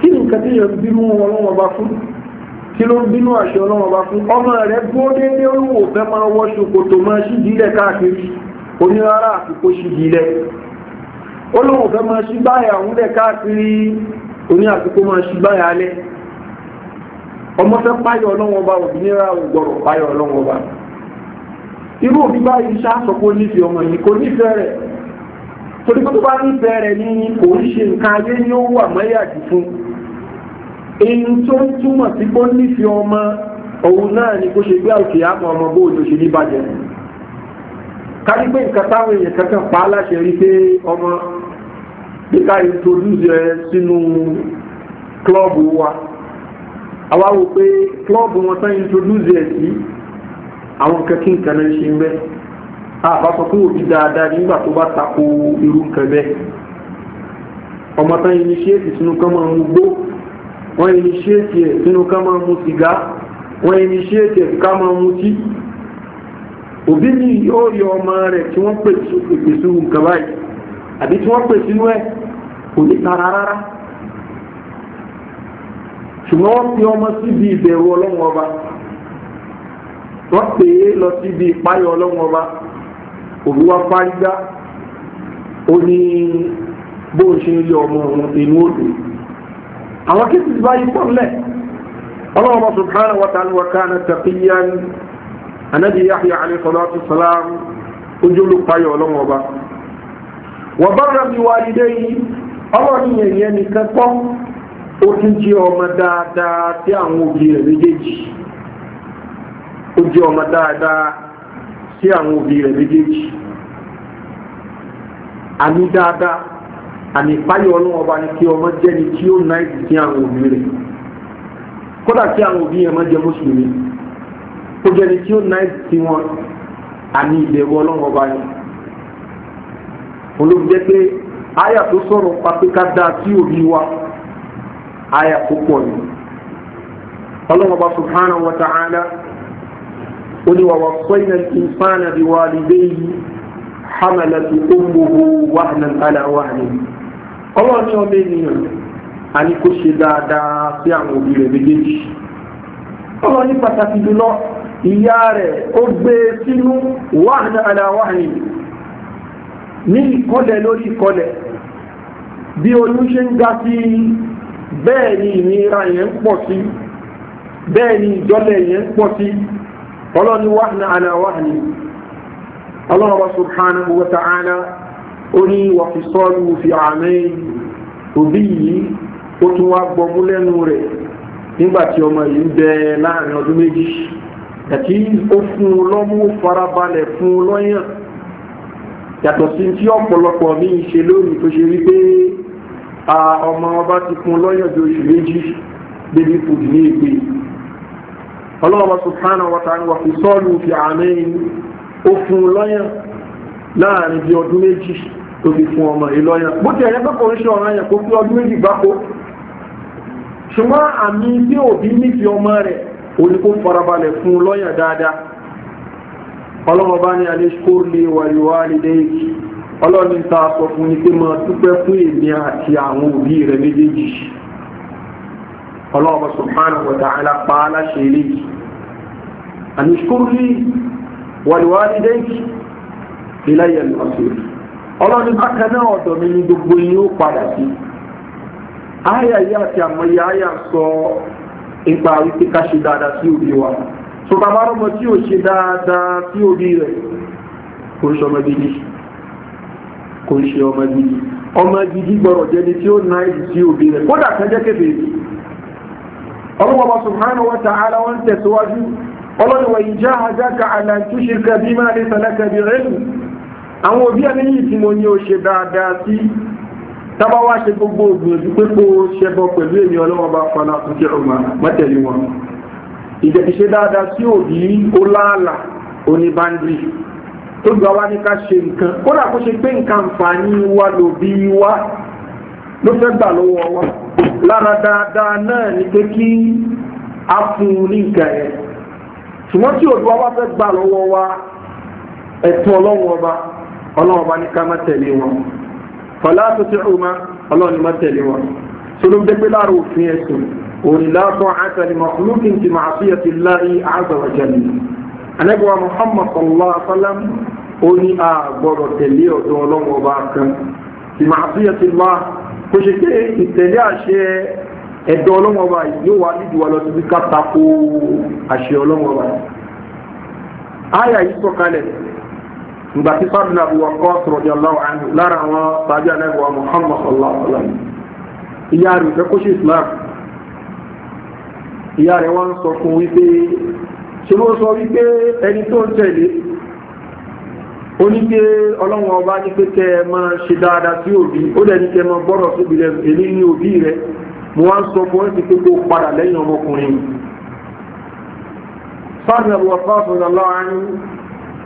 kí ni nǹkan tí yẹn bínú ọlọ́wọ́ bá fún kí ló ń bínú àṣẹ bá fún ọmọ rẹ gbó olúwo fẹ́ máa wọ ṣòkòtò máa ṣídìí lẹ̀ káàkiri onírárá àfikó ṣídìí fẹ́ máa báyà òun káàkiri oní máa ọmọ fẹ́ páyọ̀ ọlọ́wọ́n bá òmìnira ògbọ̀rọ̀ páyọ̀ ọlọ́wọ́n bá irú òbí báyìí ṣáàsọ kó nífẹ̀ẹ́ ọmọ yìí kò nífẹ̀ẹ́ rẹ̀ torí pé tó bá nífẹ̀ẹ́ rẹ̀ ní kò ń ṣe nǹkan ayé ní ó wà mọ́yàjì fún èyí tó ń túmọ̀ sí kó nífẹ̀ẹ́ ọmọ òun náà ni kó ṣe gbé òkè àmọ́ ọmọ bó ló ṣe ní bàjẹ́ kárí pé nǹkan táwọn èèyàn kankan pa á láṣẹ rí pé ọmọ gbé ká introduce rẹ sínú klọ́ọ̀bù wa àwa wò pé klọ́ọ̀bù wọn tán introduce ẹ̀ sí àwọn kẹ́kí nǹkan náà ṣe ń bẹ́ àbá sọ pé òbí dáadáa nígbà tó bá tako irú nǹkan bẹ́ẹ̀ ọmọ tán initiate sínú kan máa mú gbó wọ́n initiate ẹ̀ sínú kan máa mú sìgá wọ́n initiate ẹ̀ ká máa mú tí òbí ní yóò yọ ọmọ rẹ̀ tí wọ́n pè sí nǹkan báyìí àbí tí wọ́n pè sínú tara rárá. ṣùgbọ́n fi ọmọ síbi ìbẹ̀rù ọlọ́run ọba lọ síbi ìpáyọ̀ ọba wa ó ní bó ṣe ń yọ ọmọ òun inú òdò àwọn kí tìtìbá yìí pọ̀ lẹ̀ anabi yahya alayhi salatu salam ọba wọ́n bá rẹ̀ wáyé ó tún ọmọ dáadáa tí àwọn òbí rẹ̀ méjèèjì ó jẹ́ ọmọ dáadáa tí àwọn òbí rẹ̀ méjèèjì àmì dáadáa àmì ọlọ́wọ́ ọba ní kí ọmọ jẹ́ni tí ó náà ìdí sí àwọn òbí rẹ̀ kódà tí àwọn òbí máa jẹ mùsùlùmí ó jẹ́ni tí ó ìdí sí ọba olóògbé pé àyà tó sọ̀rọ̀ dáa tí wa. àyà púpọ̀ ni ọlọ́wọ́ bá subhanahu wa ta'ala ó ní wàá wàsọ́yìn al-insana bi walidayhi hamalatu ummuhu wahnan ala wahnin ọlọ́wọ́ ní ọmọ ènìyàn a ní kó ṣe dáadáa sí àwọn òbí rẹ̀ méjèèjì ọlọ́wọ́ ní pàtàkì jùlọ ìyá rẹ̀ ó gbé e sínú wahnan ala wahnin ní ìkọlẹ̀ lórí ìkọlẹ̀ bí oyún ṣe ń ga sí i bẹ́ẹ̀ ni ìnira yẹn ń pọ̀ sí bẹ́ẹ̀ ni ìjọlẹ̀ yẹn ń pọ̀ sí ọlọ́ni wàhánà ala wa ta'ala ó ní sọ́ọ̀lù fi àmín òbí yìí ó tún wá gbọmú lẹ́nu rẹ̀ nígbà tí ọmọ yìí ń bẹ láàrin ọdún méjì àti ó fún un lọ́mú farabalẹ̀ fún un lọ́yàn yàtọ̀ sí tí ọ̀pọ̀lọpọ̀ mi ń ṣe lónìí ọmọ ọba ti fún lọ́yọ̀dọ̀ oṣù méjì débi kù ní ìpè ọlọ́wọ́ subhanahu wa ta'ala wà fi sọ́ọ̀lù fi àmẹ́yìn ó fún lọ́yàn láàrin bí ọdún méjì tó fi fún ọmọ ìlọ́yàn bó ti ẹ̀yẹ́ pẹ́kọ̀ọ́ ń ṣe ọ̀ràn yẹn kó fi ọdún méjì gbáko ṣùgbọ́n àmì tí òbí nífi ọmọ rẹ̀ òní kó farabalẹ̀ fún lọ́yàn dáadáa ọlọ́wọ́ bá ní alẹ́ ṣkórí wàlúwàlú lẹ́yìn ọlọ́ni ta sọ fún ni pé máa dúpẹ́ fún èmi àti àwọn òbí rẹ̀ méjèèjì ọlọ́ọ̀bọ̀ subhanahu wa ta'ala pa á láṣẹ eléyìí àníṣkúrúlì wàlúwàlídẹ́kì ilayya al-masir ọlọ́ni bákan náà ọ̀dọ̀ mi ni gbogbo yín ó padà sí àyà yìí àti àmọ́yé àyà sọ ipa wípé ká ṣe dáadáa sí òbí wa sọ bàbá ọmọ tí ò ṣe dáadáa sí òbí rẹ̀ kò sọmọ gidi kò ń ṣe ọmọ gidi ọmọ gidi gbọ́dọ̀ jẹni tí ó náà ìdí sí òbí rẹ̀ kódà kẹjẹ́ kébè ọlọ́wọ́ subhanahu wa ta'ala wọ́n tẹ̀síwájú ọlọ́ni wa ìjá àjáka àlàntúṣe kẹbí máa lè sàlẹ̀ kẹbí rẹ̀ nù àwọn òbí ẹni yìí tí mo ní ó ṣe dáadáa sí tábà wá ṣe gbogbo ògbìyànjú pé kó ṣẹbọ pẹ̀lú èmi ọlọ́wọ́ bá fana tuntun ọmọ mọ́tẹ̀lé wọn ìdẹ̀kíṣe dáadáa sí òbí ó láàlà oníbándì tó gba wá ní ká ṣe nǹkan kódà kó ṣe pé nǹkan àǹfààní wa ló wa ló fẹ́ gbà lọ́wọ́ wa lára dáadáa náà ni pé kí a fún un ní nǹkan yẹn ṣùgbọ́n tí òdu wa fẹ́ gbà lọ́wọ́ wa ẹ̀tọ́ ọlọ́wọ́ ọba ọlọ́wọ́ ọba ní ká má tẹ̀lé wọn fàlá tó ti ọmọ ọlọ́wọ́ ni má tẹ̀lé wọn sọlọ́ jẹ́ pé lára òfin ẹ̀sùn òní látọ̀ àtàlí mọ̀kúlùkì màá fìyà ti láàyè àgbà anẹ́gbọ́n muhammad sallallahu sallam ó ní a gbọ́dọ̀ tẹ̀lé ọ̀dọ̀ ọlọ́run ọba kan tí màá fi ẹ̀sìn ṣe pé ìtẹ̀lé àṣẹ ẹ̀dọ̀ ọlọ́run ọba yóò wá nídìí wa lọ síbi ká tako àṣẹ ọlọ́run ọba àyà yìí sọ̀kalẹ̀ ìgbà tí fábùnà àbúwà kọ́ anhu lára àwọn tàbí anẹ́gbọ́n ìyá rẹ̀ fẹ́ kó ṣe islam ìyá rẹ̀ wọ́n sọ fún ṣe sọ wípé ẹni tó ń tẹ̀lé ó ní pé ọlọ́run ọba ní pé kẹ ẹ máa ṣe dáadáa sí òbí ó dẹ̀ ní kẹ máa gbọ́rọ̀ síbi rẹ èmi ní òbí rẹ mo wá ń sọ fún ẹ ti pé kó padà lẹ́yìn ọmọkùnrin fáàmì àbúrò fáàmì ọ̀dàlọ́ àárín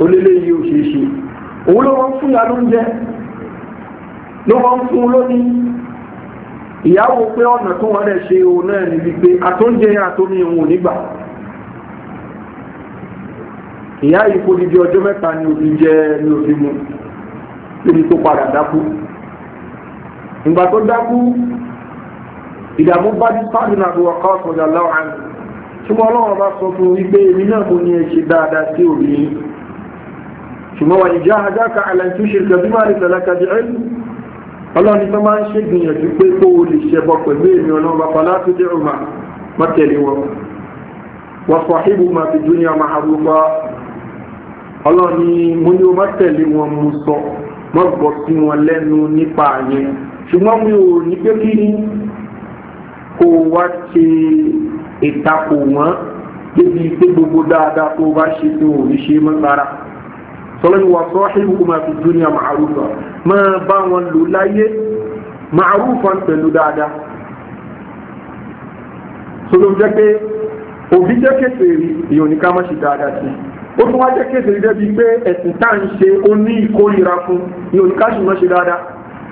olélé yìí ò ṣeé ṣe òun ló wọ́n fún ìyá lóúnjẹ ló wọ́n fún lónìí ìyàwó pé ọ̀nà tó rẹ̀ ṣe òun náà ní wípé àtóúnjẹ ìyá yìí kò níbi ọjọ́ mẹ́ta ni òbí jẹ ni òbí mu lórí tó padà dákú ìgbà tó dákú ìdààmú bá ní pàdùnà àbúwọ̀ kọ́ ọ̀sọ̀dà láwọn ṣùgbọ́n ọlọ́run bá sọ fún wípé èmi náà mo ní ẹ dáadáa sí òbí yìí ṣùgbọ́n wà ìjà àjáka àlàntú ṣe gbẹ̀dúmọ̀ àti tẹ̀lẹ́ka di ẹ̀lú ọlọ́ni máa ń ṣe gbìyànjú pé kó o lè ṣẹbọ pẹ̀lú èmi ọ̀nà bàbá láti dé ọmọ mọ́tẹ̀lé wọn ọlọ́run ni mo ní o má tẹ̀lé wọn mo sọ mọ́ gbọ́ sí wọn lẹ́nu nípa yẹn ṣùgbọ́n mi ò ní pé kí kó wá ṣe ìtakò wọn débi pé gbogbo dáadáa tó bá ṣe tó ò ní ṣe mọ́ rárá sọlọ́ni wà sọ ṣíbùkún máa fi dúnìá màárùfà máa bá wọn lò láyé màárùfà ń pẹ̀lú dáadáa sọlọ́ni jẹ́ pé òbí jẹ́ kékeré ìyọ̀nìká má ṣe dáadáa sí i ó tún wá jẹ́ kéde débi pé ẹ̀sìn tá à ń ṣe ó ní ìkórira fún ní oníkáṣù náà ṣe dáadáa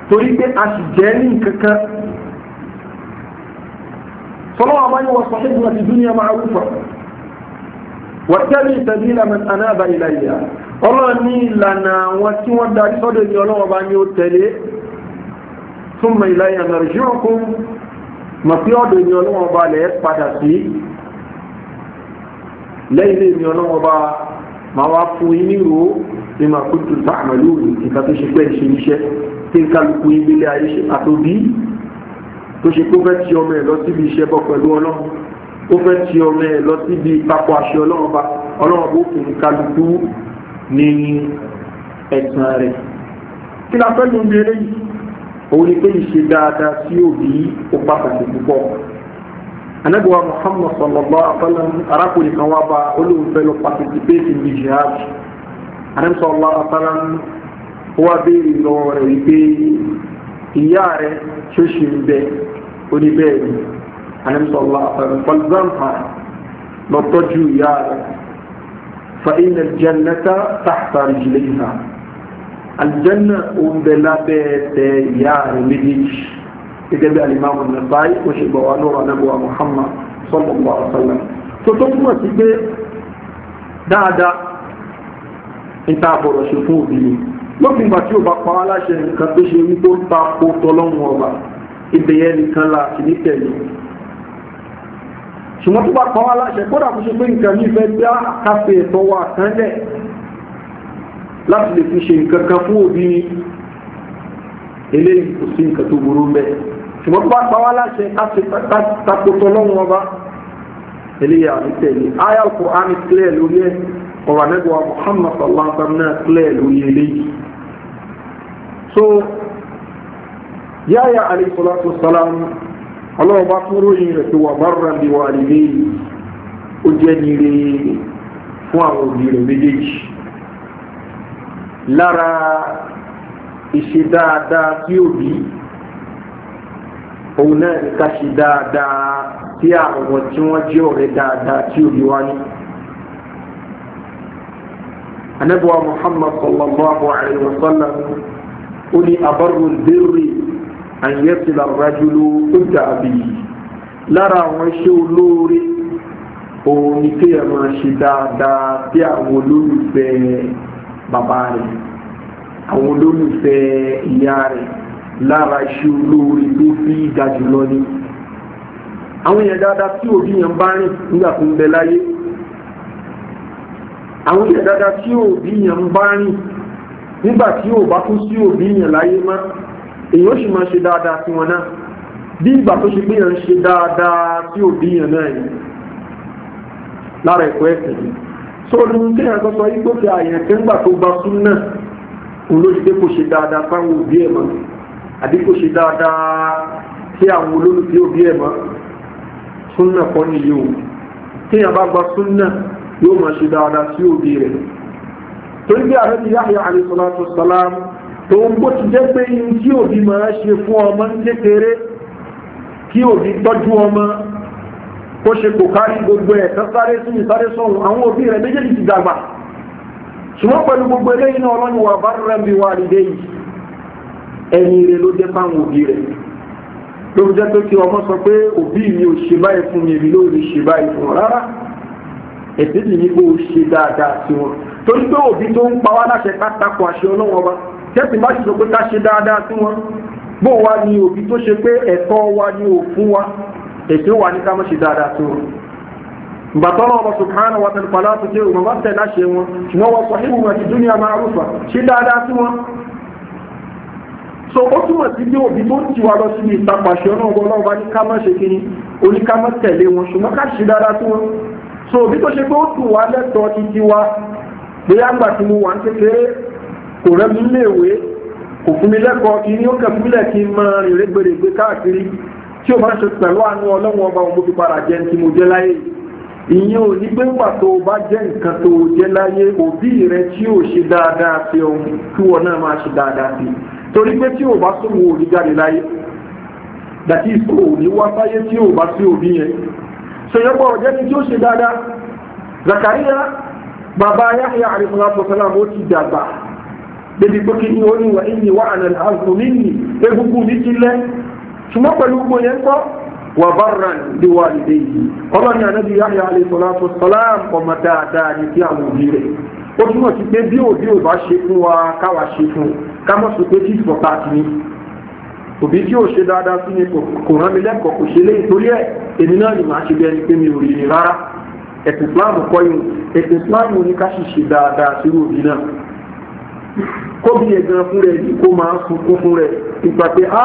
torí pé a sì jẹ́ ní kankan fọlọ́wọ́ bá ní wọ́n sọ́kẹ́ ìgbìmọ̀ ti dúnìyà máa rúfà wàtẹ́lì ìtẹ̀bílà mẹ́tàná àbá ilà ìyá ọlọ́run ní ìlànà àwọn tí wọ́n darí sọ́dọ̀ ní ọlọ́wọ́ bá ní ó tẹ̀lé ثم إلي مرجعكم مفيود إن يولون وبا ليس بعد سي ليس إن يولون وبا máa wá fún yín nírò ní máa kó tó tá àmàlú òní nǹkan tó ṣe pé ń ṣe níṣẹ́ tí ń kálukú yín gbélé ayé ṣe àtòbí tó ṣe kó fẹ́ ti ọmọ ẹ̀ lọ síbi iṣẹ́ bọ́ pẹ̀lú ọlọ́run ó fẹ́ ti ọmọ ẹ̀ lọ síbi papọ̀ àṣẹ ọlọ́run bá ọlọ́run bó fún kálukú ní ẹ̀sán rẹ̀ kí la fẹ́ lóun bí eléyìí òun ni pé ìṣe dáadáa sí òbí ó pàtàkì púpọ̀ anabiwa muhammad sallallahu alaihi wa sallam arákùnrin kan wá bá olóòfẹ́ lọ participate in jihad anabi sallallahu alaihi wa sallam wá béèrè lọ́wọ́ rẹ̀ wípé ìyá rẹ̀ tí ó ṣì ń bẹ oníbẹ̀ẹ̀ni anabi sallallahu alaihi wa sallam falzamha lọ tọ́jú ìyá rẹ̀ fa aljannata tahta rijlayha aljanna òun bẹ lábẹ́ ẹsẹ̀ ìyá rẹ̀ méjèèjì gẹ́gẹ́ bí alimami nàbáyé kò ṣe gbọ̀wá lọ́rọ̀ anábọ̀wá muhammad sallallahu alaihi wasallam tó tó túmọ̀ sí pé dáadáa níta àbọ̀rọ̀ ṣe fún òbí ni lópin ìgbà tí ó bá pa wá láṣẹ nǹkan tó ṣe wípé ó ń ta kó tọlọ́run ọba ìbẹ̀yẹ nìkan la sì ní tẹ̀lé ṣùgbọ́n tó bá pa wá kódà kó ṣe pé nǹkan ní ìfẹ́ bí àkàfẹ́ ẹ̀tọ́ wa kan láti lè fi ṣe nǹkan kan fún òbí eléyìí kò sí nǹkan tó burú bẹ́ẹ̀ ṣùgbọ́n bá pàwọ́ láṣẹ takòtò lọ́wọ́ ọba eléyà àdìtẹ̀lé ayé alukur'an kílẹ̀ lórí ẹ̀ ọ̀rọ̀ anẹ́gbẹ̀wá muhammad sallallahu alaihi wa sallam kílẹ̀ lórí eléyìí. so yáyà alayhi salatu ọlọ́wọ́ bá tún ròyìn rẹ̀ pé wà bára bí wà lè ó jẹ́ nílé fún àwọn òbí rẹ̀ méjèèjì lára ìṣe dáadáa tí òbí òun náà ní ká ṣe dáadáa sí àwọn tí wọ́n jẹ́ ọ̀rẹ́ dáadáa tí òbí wá ní. anabuwa muhammad sallallahu alaihi wa sallam ó ní abarul birri an yasila rajulu udda abi lára àwọn iṣẹ́ olóore òun ní kéèyàn máa ṣe dáadáa sí àwọn olólùfẹ́ bàbá rẹ̀ àwọn olólùfẹ́ ìyá rẹ̀ lára iṣẹ́ olóore tó fi ga jùlọ ni àwọn èèyàn dáadáa tí òbí yẹn bá rìn nígbà tó ń bẹ láyé àwọn èèyàn dáadáa tí òbí yẹn bá rìn nígbà tí ò bá tún sí òbí yẹn láyé má èèyàn sì máa ṣe dáadáa sí wọn náà bí ìgbà tó ṣe pé ṣe dáadáa sí òbí yẹn náà yìí lára ẹ̀kọ́ ẹ̀sìn yìí so ní kí ẹ̀ sọ́sọ́ yìí gbókè àyẹ̀kẹ́ ńgbà tó gba súnmọ́ òun ló ṣe pé kò ṣe dáadáa fáwọn òbí ẹ̀ mọ́ àbí kò ṣe dáadáa tí àwọn olólùfẹ́ òbí ẹ̀ mọ́ súnà kọ́ nìyí o tí yàn bá gba súnà yóò máa ṣe dáadáa sí òbí rẹ̀ torí bí ààrẹ ti Yahya alayhi salatu wassalam tó ń bó ti jẹ́ pé yín tí òbí máa ṣe fún ọmọ ń kékeré kí òbí tọ́jú ọmọ kó ṣe kò kárí gbogbo ẹ̀ tán sáré sí ìsáré sọ̀rùn àwọn òbí rẹ̀ méjèèjì ti dàgbà ṣùgbọ́n pẹ̀lú gbogbo eléyìí náà ọlọ́run wà bá rẹ̀ ń wà ẹni rẹ ló jẹ́ fáwọn òbí rẹ̀ ló jẹ́ pé kí ọmọ sọ pé òbí mi ò ṣe báyìí fún mi èmi ló ṣe báyìí fún rárá ẹ̀sìn mi ní kó o ṣe dáadáa sí wọn torí pé òbí tó ń pa wá láṣẹ àṣẹ ọlọ́wọ́n ọba tẹ́sí má sì sọ pé ká ṣe dáadáa sí wọn bó wa ni òbí tó ṣe pé ẹ̀tọ́ wa ni ò fún wa ẹ̀sìn wa ká má ṣe dáadáa sí wọn wa ta'ala tó dé òun ọba tẹ̀ láṣẹ wọn ṣùgbọ́n wọn so ó túmọ̀ sí pé òbí tó ń tiwa lọ sí ìtapàṣẹ ọ̀nà ọgbọ́n náà bá ní ká má ṣe kí ni oní ká tẹ̀lé wọn ṣùgbọ́n ká ṣe dáadáa tó wọn so òbí tó ṣe pé ó tù wá lẹ́tọ̀ọ́ ti tiwa pé àgbà tí mo wà ń kékeré kò rẹ́ mi léèwé kò fún mi lẹ́kọ̀ọ́ kí ni ó kẹ́ fún mi lẹ̀ kí n máa rìn régbèrègbè káàkiri tí o bá ṣe pẹ̀lú àánú ọlọ́run ọba torí pé tí ò bá súnmù òní jáde láyé dàtí ìsú òní wá sáyé tí ò bá sí òní yẹn ṣèyọ́pọ̀ ọ̀jẹ́ ni tí ó ṣe dáadáa Zakariya bàbá Yahya àrífúnlátọ̀sọ́lá ó ti dàgbà débi pé kí ni ó níwà ìní wà ànà àzùn níní egungun ní ti lẹ́ ṣùgbọ́n pẹ̀lú gbogbo yẹn kọ́ wà bára ní wà lédè yìí ọlọ́ni ànábi Yahya àrífúnlátọ̀sọ́lá ọmọ dáadáa ní tí àwọn òbí rẹ̀ ó túmọ̀ sí pé bí òbí ò bá ṣe fún wa káwa ṣe fún un ká mọ̀ sọ pé tíì fọ̀tà ti ní òbí tí ò ṣe dáadáa sí ni kò rán mi lẹ́kọ̀ọ́ kò ṣe léyìn torí ẹ̀ èmi náà ni màá ṣe bí ẹni pé mi ò rí ni rárá ẹ̀sìn Islam kọ́ yìí ẹ̀sìn Islam ní ká sì ṣe dáadáa sí òbí náà kóbi ẹ̀gbọ́n fún rẹ̀ kó máa sunkún fún rẹ̀ ìgbà pé á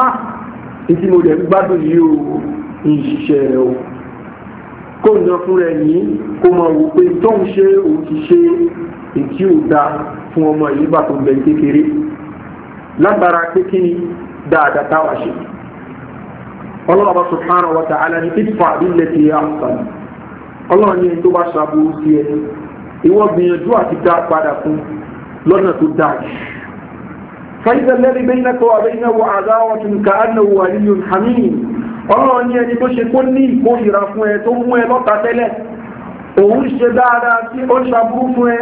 ìdí mo rẹ̀ ń gbádùn yìí o ìṣiṣẹ́ rẹ̀ o kó yan fún rẹ̀ yìí kó máa wò pé tóun ṣe òun ti ṣe èyí ò dáa fún ọmọ yìí bàtò bẹ̀ kékeré látara pé kí ni dáadáa táwa ṣe ọlọ́ọ̀bá wata wa ta'ala ní ìfà ilẹ̀ ti àṣàn tó bá ṣàbùrú sí ẹ ìwọ gbìyànjú àti dá padà fún lọ́nà tó dáa fàyíṣẹ́ lẹ́rí bẹ́yìnàkọ́ àbẹ́yìnàwó àdáwọ̀tún káàdínàwó àríyùn hamini ọlọ́ọ̀ ní ẹni tó ṣe kó ní ìkórìíra fún ẹ tó mú ẹ lọ́ta tẹ́lẹ̀ òun ṣe dáadáa ó fún ẹ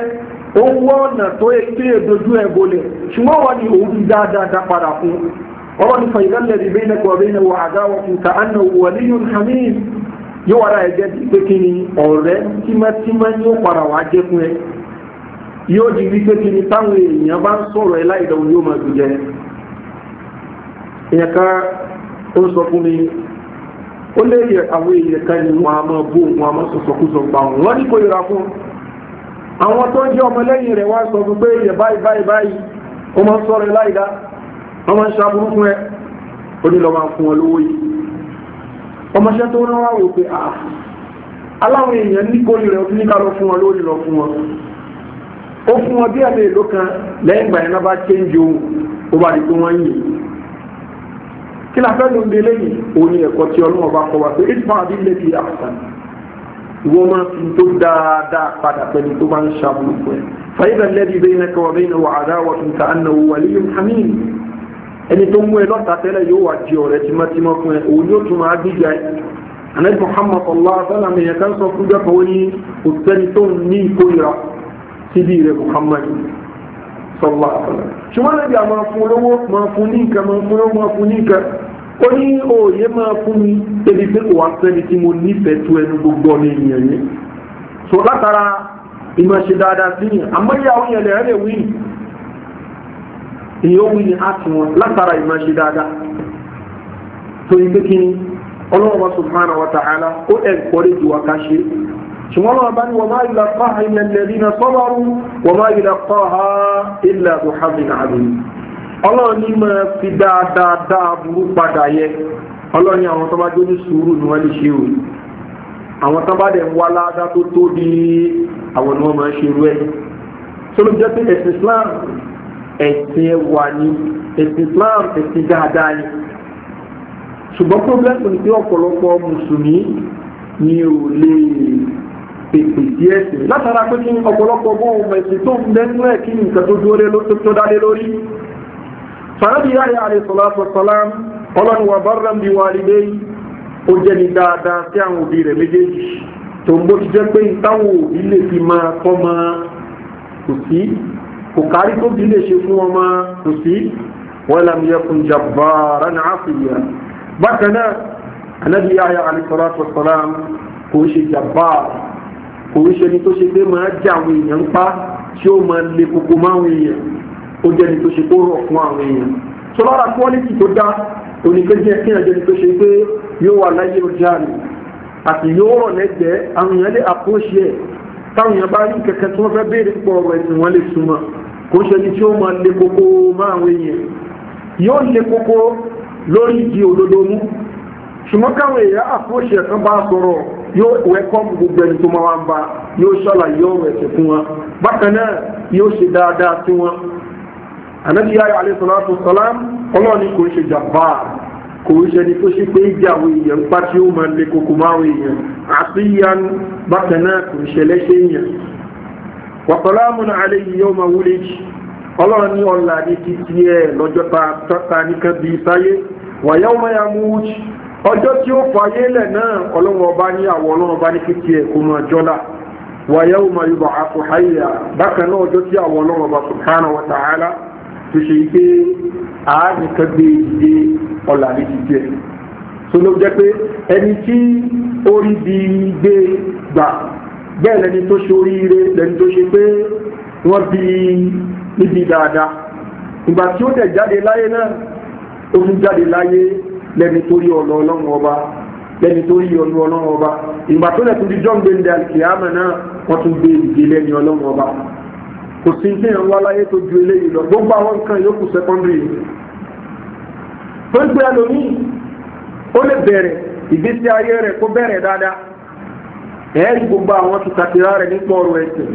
ó ń wọ́n ọ̀nà tó pé èdojú ẹ̀ bolẹ̀ ṣùgbọ́n wọ́n ní òun fi dáadáa padà fún ọ̀rọ̀ nípa ìdánilẹ̀ ìbí iná kọ̀ ọ̀bẹ iná wọ àgáwọ̀ fún ká àna waliyun hamim yóò wá ráyè jẹ́ pé kí ni ọ̀rẹ́ tímọ́tímọ́ yóò padà wá jẹ́ fún ẹ yóò di wípé kí ni táwọn èèyàn bá ń sọ̀rọ̀ ẹ láì dẹ̀wọ̀n yóò máa sọ fún mi ó àwọn èèyàn kan ní wọn a máa bó wọn a máa àwọn tó ń jẹ́ ọmọlẹ́yìn rẹ̀ wá sọ fún pé yẹ báyìí báyìí báyìí ó máa ń sọ̀rọ̀ láìdá wọ́n máa ń ṣàbúrú fún ẹ ó ní lọ máa fún ọ lówó yìí ọmọṣẹ́ tó rán wá wò pé à ah, aláwọn èèyàn ní kórì rẹ̀ ní ká lọ fún wọn lórí lọ fún wọn ó fún bí kan lẹ́yìn ìgbà yẹn bá ó bá di pé wọ́n yìí kí la fẹ́ lóun délé yìí òun ni ẹ̀kọ́ tí ọlọ́wọ́ bá kọ wá pé wọ́n máa fi tó dáadáa padà pẹ̀lú tó bá ń ṣàbùrù fún ẹ. fàyíbà lẹ́bi bẹ́ẹ̀ náà kẹwàá bẹ́ẹ̀ náà wà àdáwọ̀ tó ń ta àná wò wàlíyé hamim ẹni tó ń mú ẹ lọ́ta tẹ́lẹ̀ yóò wà di ọ̀rẹ́ tímọ́tímọ́ fún ẹ òun yóò tún máa gbígbà ẹ. anabi muhammad sallallahu alaihi wa sallam kan sọ fún gbẹ́kọ̀ ó ní òtẹ́ni tó ń ní ìkórira síbi rẹ̀ muhammad sallallahu alaihi wa sallam. ṣùgbọ́n ó ní òòyè máa fún mi ebi pé kò wá sẹ́ni tí mo nífẹ̀ẹ́ tó ẹnu gbogbo ọ̀nà ènìyàn yẹn so látara ìmọ̀ ṣe dáadáa sí yẹn àmọ́ ìyàwó yẹn lè rẹ̀ wí ìyẹn ó wí ní àti wọn látara ìmọ̀ ṣe dáadáa so ìgbé kínní ọlọ́wọ́ subhanahu wa ta'ala ó ẹ̀ kọ́rí ju wa ṣe ṣùgbọ́n lọ́wọ́ bá ní wọ́n máa ìlà kọ́ àìlẹ̀ lẹ́rìnà sọ́lọ́rù wọ́n ọlọ́run ní máa fi dáadáa dáa burú padà yẹ ọlọ́run ní àwọn tó bá jó ní sùúrù ni wọ́n lè ṣe o àwọn tó bá dẹ̀ ń wá ládá tó tóbi àwọn ni wọ́n máa ń ṣe irú ẹ̀ sọlọ jẹ́ pé ẹ̀sìn Islam ẹ̀sìn ẹwà ni ẹ̀sìn Islam ẹ̀sìn dáadáa ni ṣùgbọ́n pọ́blẹ́mù ní pé ọ̀pọ̀lọpọ̀ mùsùlùmí ni ò lè pèpè sí ẹ̀sìn látara pé kí ọ̀pọ̀lọpọ̀ bó ọmọ tó ń bẹ́ńgbẹ́ kí nǹkan tó dúró lé tó dá lé lórí sàrábì yáyà àlèsọ̀lásọ̀sọ̀lám ọlọ́run wà bá rán bí wà lílé ó jẹ́ ní dáadáa sí àwọn òbí rẹ̀ méjèèjì tó ń bó ti jẹ́ pé táwọn òbí lè fi máa kọ́ máa kò sí kò kárí tó bí lè ṣe fún wọn máa kò sí wọn làmì yẹkùn jàbára ní àfìyà bákan náà anábì yáyà àlèsọ̀lásọ̀sọ̀lám kò ń ṣe jàbára kò ń ṣe ni tó ṣe pé máa jà àwọn èèyàn ń pa tí ó máa le koko máwọn èèyàn o jẹ́ ní tó ṣe tó rọ̀ fún àwọn èèyàn tó lára tó dá oníkejì kí ẹ̀jẹ̀ tó ṣe pé yóò wà láyé ọjà àti yóò rọ̀ lẹ́gbẹ̀ẹ́ àwọn èèyàn lè àpòṣe ẹ̀ táwọn èèyàn bá rí kẹ̀kẹ́ tí wọ́n fẹ́ béèrè pọ̀ ọ̀rọ̀ ẹ̀sìn kò ń tí ó máa koko máa àwọn èèyàn yóò koko lórí ìdí òdodo mú ṣùgbọ́n káwọn èèyàn àpòṣe ẹ̀kan sọ̀rọ̀ yóò wẹ́kọ́m anabi yayo alayisalaatu salam ọlọ́run ni kò ń ṣe jàmbá kò ń ṣe ni tó ṣe pé ìjà àwọn èèyàn ń pàṣẹ ó máa lè koko máa àwọn èèyàn àfihàn bákan náà kò ń ṣe lẹ́ṣẹ̀ èèyàn wàsálàmù náà alẹ́ yìí yóò máa wúlé jì ọlọ́run ní ọ̀la ní títí ẹ̀ lọ́jọ́ ta nìkan bíi sáyé wàyà ọmọ ya mú jì ọjọ́ tí ó fàyé lẹ̀ náà ọlọ́run ọba ní àwọ̀ ọlọ́run ọba ní títí ẹ̀ kò máa jọ́lá wàyà ọmọ yorùbá àfọ̀háyà bákan náà ọjọ́ tí àwọ̀ ọlọ́run ọba subhanahu wa ta'ala tó ṣe yí pé ààrùn kan gbé ìdílé ọ̀là ní ti jẹ́ tó ló jẹ́ pé ẹni tí orí di gbé gbà bẹ́ẹ̀ lẹni tó ṣe oríire lẹni tó ṣe pé wọ́n bí níbi dáadáa ìgbà tí ó dẹ̀ jáde láyé náà ó tún jáde láyé lẹni tó rí ọ̀nà ọlọ́run ọba lẹni tó rí ọ̀nà ọlọ́run ọba ìgbà tó lẹ̀ tún di jọ́ǹgbé ní náà wọ́n tún gbé ìdílé ní ọlọ́run ọba kò sí ilé ẹ̀ ń wá láyé tó ju eléyìí lọ gbogbo àwọn nǹkan yòókù sẹ́kọ́ndìrì yìí tó ń gbé ẹlòmíì ó lè bẹ̀rẹ̀ ìgbésí ayé rẹ̀ kó bẹ̀rẹ̀ dáadáa ẹ̀ẹ́rì gbogbo àwọn tùkàtìrá rẹ̀ nípa ọ̀rọ̀ ẹ̀sìn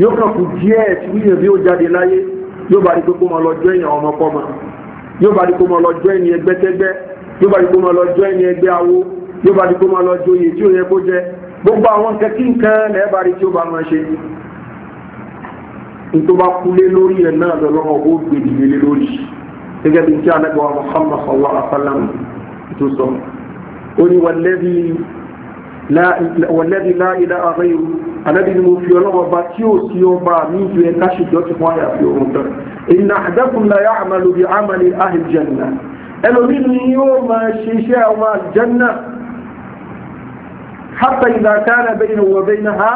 yóò kàn kù díẹ̀ tí wíyàn bí ó jáde láyé yóò bá rí pé kó mọ lọ́jọ́ èèyàn ọmọkọ́mọ yóò bá rí pé kó mọ lọ́jọ́ ẹni ẹgbẹ́tẹ́gbẹ́ yóò bá rí pé kó mọ lọ́jọ́ ẹni ẹgbẹ́ awo yóò bá rí pé kó mọ lọ́jọ́ oyè tí ó yẹ kó jẹ gbogbo àwọn kẹkí nǹkan lẹ́ẹ̀ tí ó bá máa ṣe ntoba kule lórí yẹn náà lọ́wọ́ ó gbé dìde lórí gẹ́gẹ́ bí tí alẹ́ bọ́ Muhammad sallallahu alaihi wa sallam tó sọ ó ní wàlẹ́bí wàlẹ́bí láìlá àrẹ́yìn alẹ́bí ni mo fi ọlọ́wọ́ bá tí ó sí ọba mi ju ẹ ká ṣèjọ́ ti fún àyàfi òun tán inna ahadakum la ya'malu bi amali ahli janna ẹlòmí ni yóò máa ṣiṣẹ́ àwọn àjẹ́nà hatta idha kana baynahu wa baynaha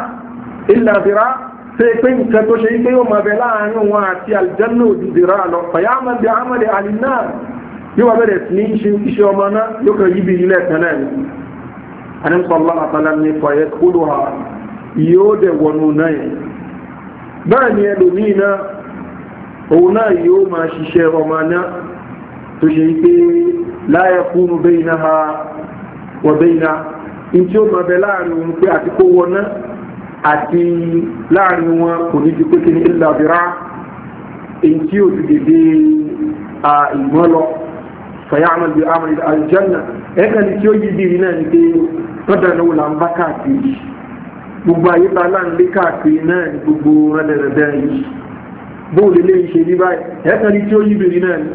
illa zira' tó yẹ pé nǹkan tó ṣe yí pé yóò máa bẹ láàárín wọn àti àlìjánná òdìdì rà lọ fàyà máa bẹ àmàlẹ àlì náà yóò wá bẹ̀rẹ̀ sí ní iṣẹ́ ọmọ náà yóò kàn yí bí ilẹ̀ tẹ́lẹ̀ ni anamsọ́lá àtàlà ní fàyẹ kúrò ha yóò dẹ̀ wọnú náà yẹn bẹ́ẹ̀ ni ẹlòmíì náà òun náà yóò máa ṣiṣẹ́ ọmọ náà tó ṣe pé láyé kúrú bẹ́ẹ̀ náà wọ bẹ́ẹ̀ náà ní tí ó máa bẹ láàárín òun àti láàrin wọn kò ní ju pékin ilẹ̀ àbírá èyí tí ó ti dèdè ìgbọ́n lọ fẹ̀yàmọ̀ bí amọ̀ ilẹ̀ aljanna ẹ̀ka ni tí ó yí bí iná ní pé tọ́jà náà wò là ń bá káàkiri gbogbo ayé bá láǹlé káàkiri náà ní gbogbo rẹ̀dẹ̀rẹ̀dẹ̀ yìí bóòlù lè ṣe ní báyìí ẹ̀ka tí ó yí bí iná ní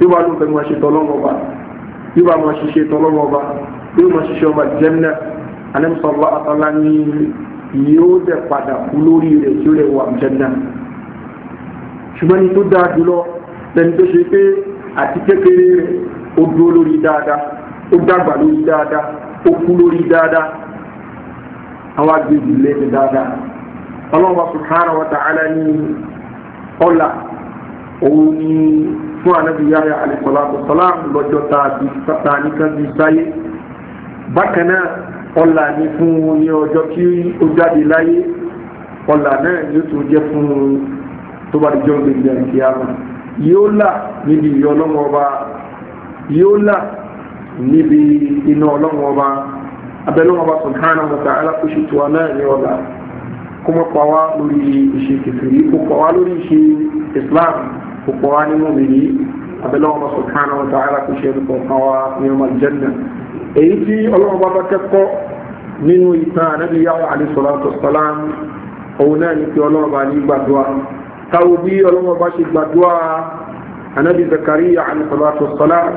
yóò bá ló fẹ́ máa ṣe tọ́lọ́mọ̀ ọba yóò bá máa ṣiṣẹ́ tọ́lọ́mọ̀ ọba yóò máa ṣiṣẹ́ ọba jẹ́mínà anẹ́mùsọ̀lá yóò dẹ̀ padà kú lórí rẹ̀ tí ó lè wà jẹ́nà ṣùgbọ́n ní tó dáa jùlọ lẹ́ni tó ṣe pé àti kékeré rẹ̀ ó dúró lórí dáadáa ó dàgbà lórí dáadáa ó kú lórí dáadáa àwọn agbègbè lẹ́ni dáadáa ọlọ́wọ́ subhanahu wa ta'ala ní ọ̀la òun ni fún anábìyáyà alayhi salatu wassalam lọ́jọ́ tá a ní kan bí sáyé bákan náà ọlà ní fún un ní ọjọ́ kí ó jáde láyé ọlà náà yóò tó jẹ́ fún un tó bá dijọ́ gbèndé àkíyàmà yóò là níbi ìyọ́ ọlọ́wọ́ ọba yóò là níbi iná ọlọ́wọ́ ọba abẹ́lẹ́wọ̀n ọba subhanahu wa ta'ala kó ṣètò náà ní ọ̀la kó mọ́ pa wá lórí ìṣe kìfìrí kó pa wá lórí ìṣe Islam kó pa wá nínú mìíní abẹ́lẹ́wọ̀n ọba subhanahu wa ta'ala kó ṣe é ní ọmọ aljanna èyí tí ọlọ́run bá bá kẹ́kọ̀ọ́ nínú ìtàn ànábì yàwó àlìsọ̀látọ̀ sàlám òun náà ní pé ọlọ́run bá ní gbàdúrà táwo bí ọlọ́run bá ṣe gbàdúrà ànábì zakariya àlìsọ̀látọ̀ sàlám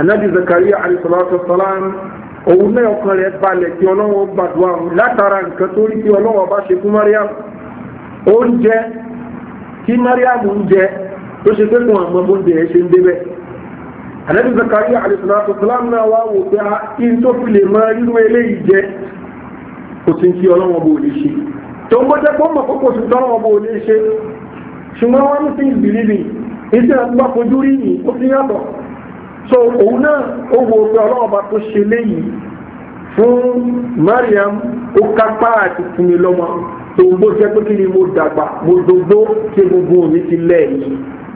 ànábì zakariya àlìsọ̀látọ̀ sàlám òun náà ọkàn rẹ̀ balẹ̀ kí ọlọ́run gbàdúrà látara nǹkan tó rí kí ọlọ́run bá ṣe fún mariam oúnjẹ tí mariam ń tó ṣe pé kò àwọn ọmọ oúnjẹ ṣe ń débẹ̀ ànábì zakari àdìsọ́nàtò sàlám náà wá wò pé kí ah, n tó fi lè máa rírú eléyìí jẹ kò sí ti ọlọ́wọ́n bò lè ṣe tó ń bọ́jẹ́ pọ́ mọ̀ kókò sí lè so òun náà ó wo pé ọlọ́wọ́n bá tó Mariam ó kápá àti fúnmi lọ́mọ tó ń bọ́jẹ́ pé kí ni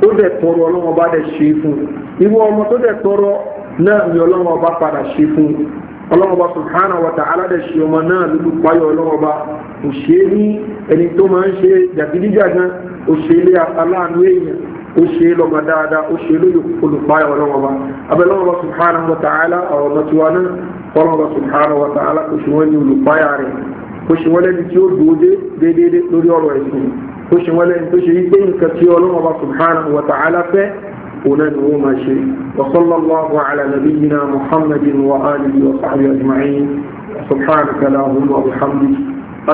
ó dẹ̀ tọrọ ọlọ́wọ́n bá dẹ̀ ṣe fún ìwọ ọmọ tó dẹ̀ tọrọ náà ni ọlọ́wọ́n bá padà ṣe fún ọlọ́wọ́n bá subhanahu wa ta'ala dẹ̀ ṣe ọmọ náà lulu payọ̀ ọlọ́wọ́n bá kò ṣe é ní ẹni tó máa ń ṣe jàgídíjàgan kò ṣe é lé aláàánú èèyàn kò ṣe é lọ́mọ dáadáa kò ṣe é lóyè olùpayọ̀ ọlọ́wọ́n bá abẹ́lọ́wọ́n bá subhanahu wa ta'ala àwọn ọmọ tiwa náà ọlọ́wọ́n bá subhanahu wa ta'ala kò ṣe wọ́n ní olùpayà rẹ̀ kò ṣe wọ́n lẹ́ni tí ó dòó dé déédéé lórí ọ̀rọ̀ ẹ̀sìn tó ṣe wọ́n lẹ́yìn tó ṣe yí pé nǹkan tí ọlọ́run ọba subhanahu wa ta'ala fẹ́ òun náà ni wọ́n máa ṣe wa sallallahu ala muhammadin wa alihi wa sahbihi ajma'in subhanaka allahumma wa bihamdik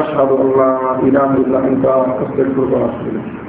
ashhadu an la ilaha illa anta astaghfiruka wa atubu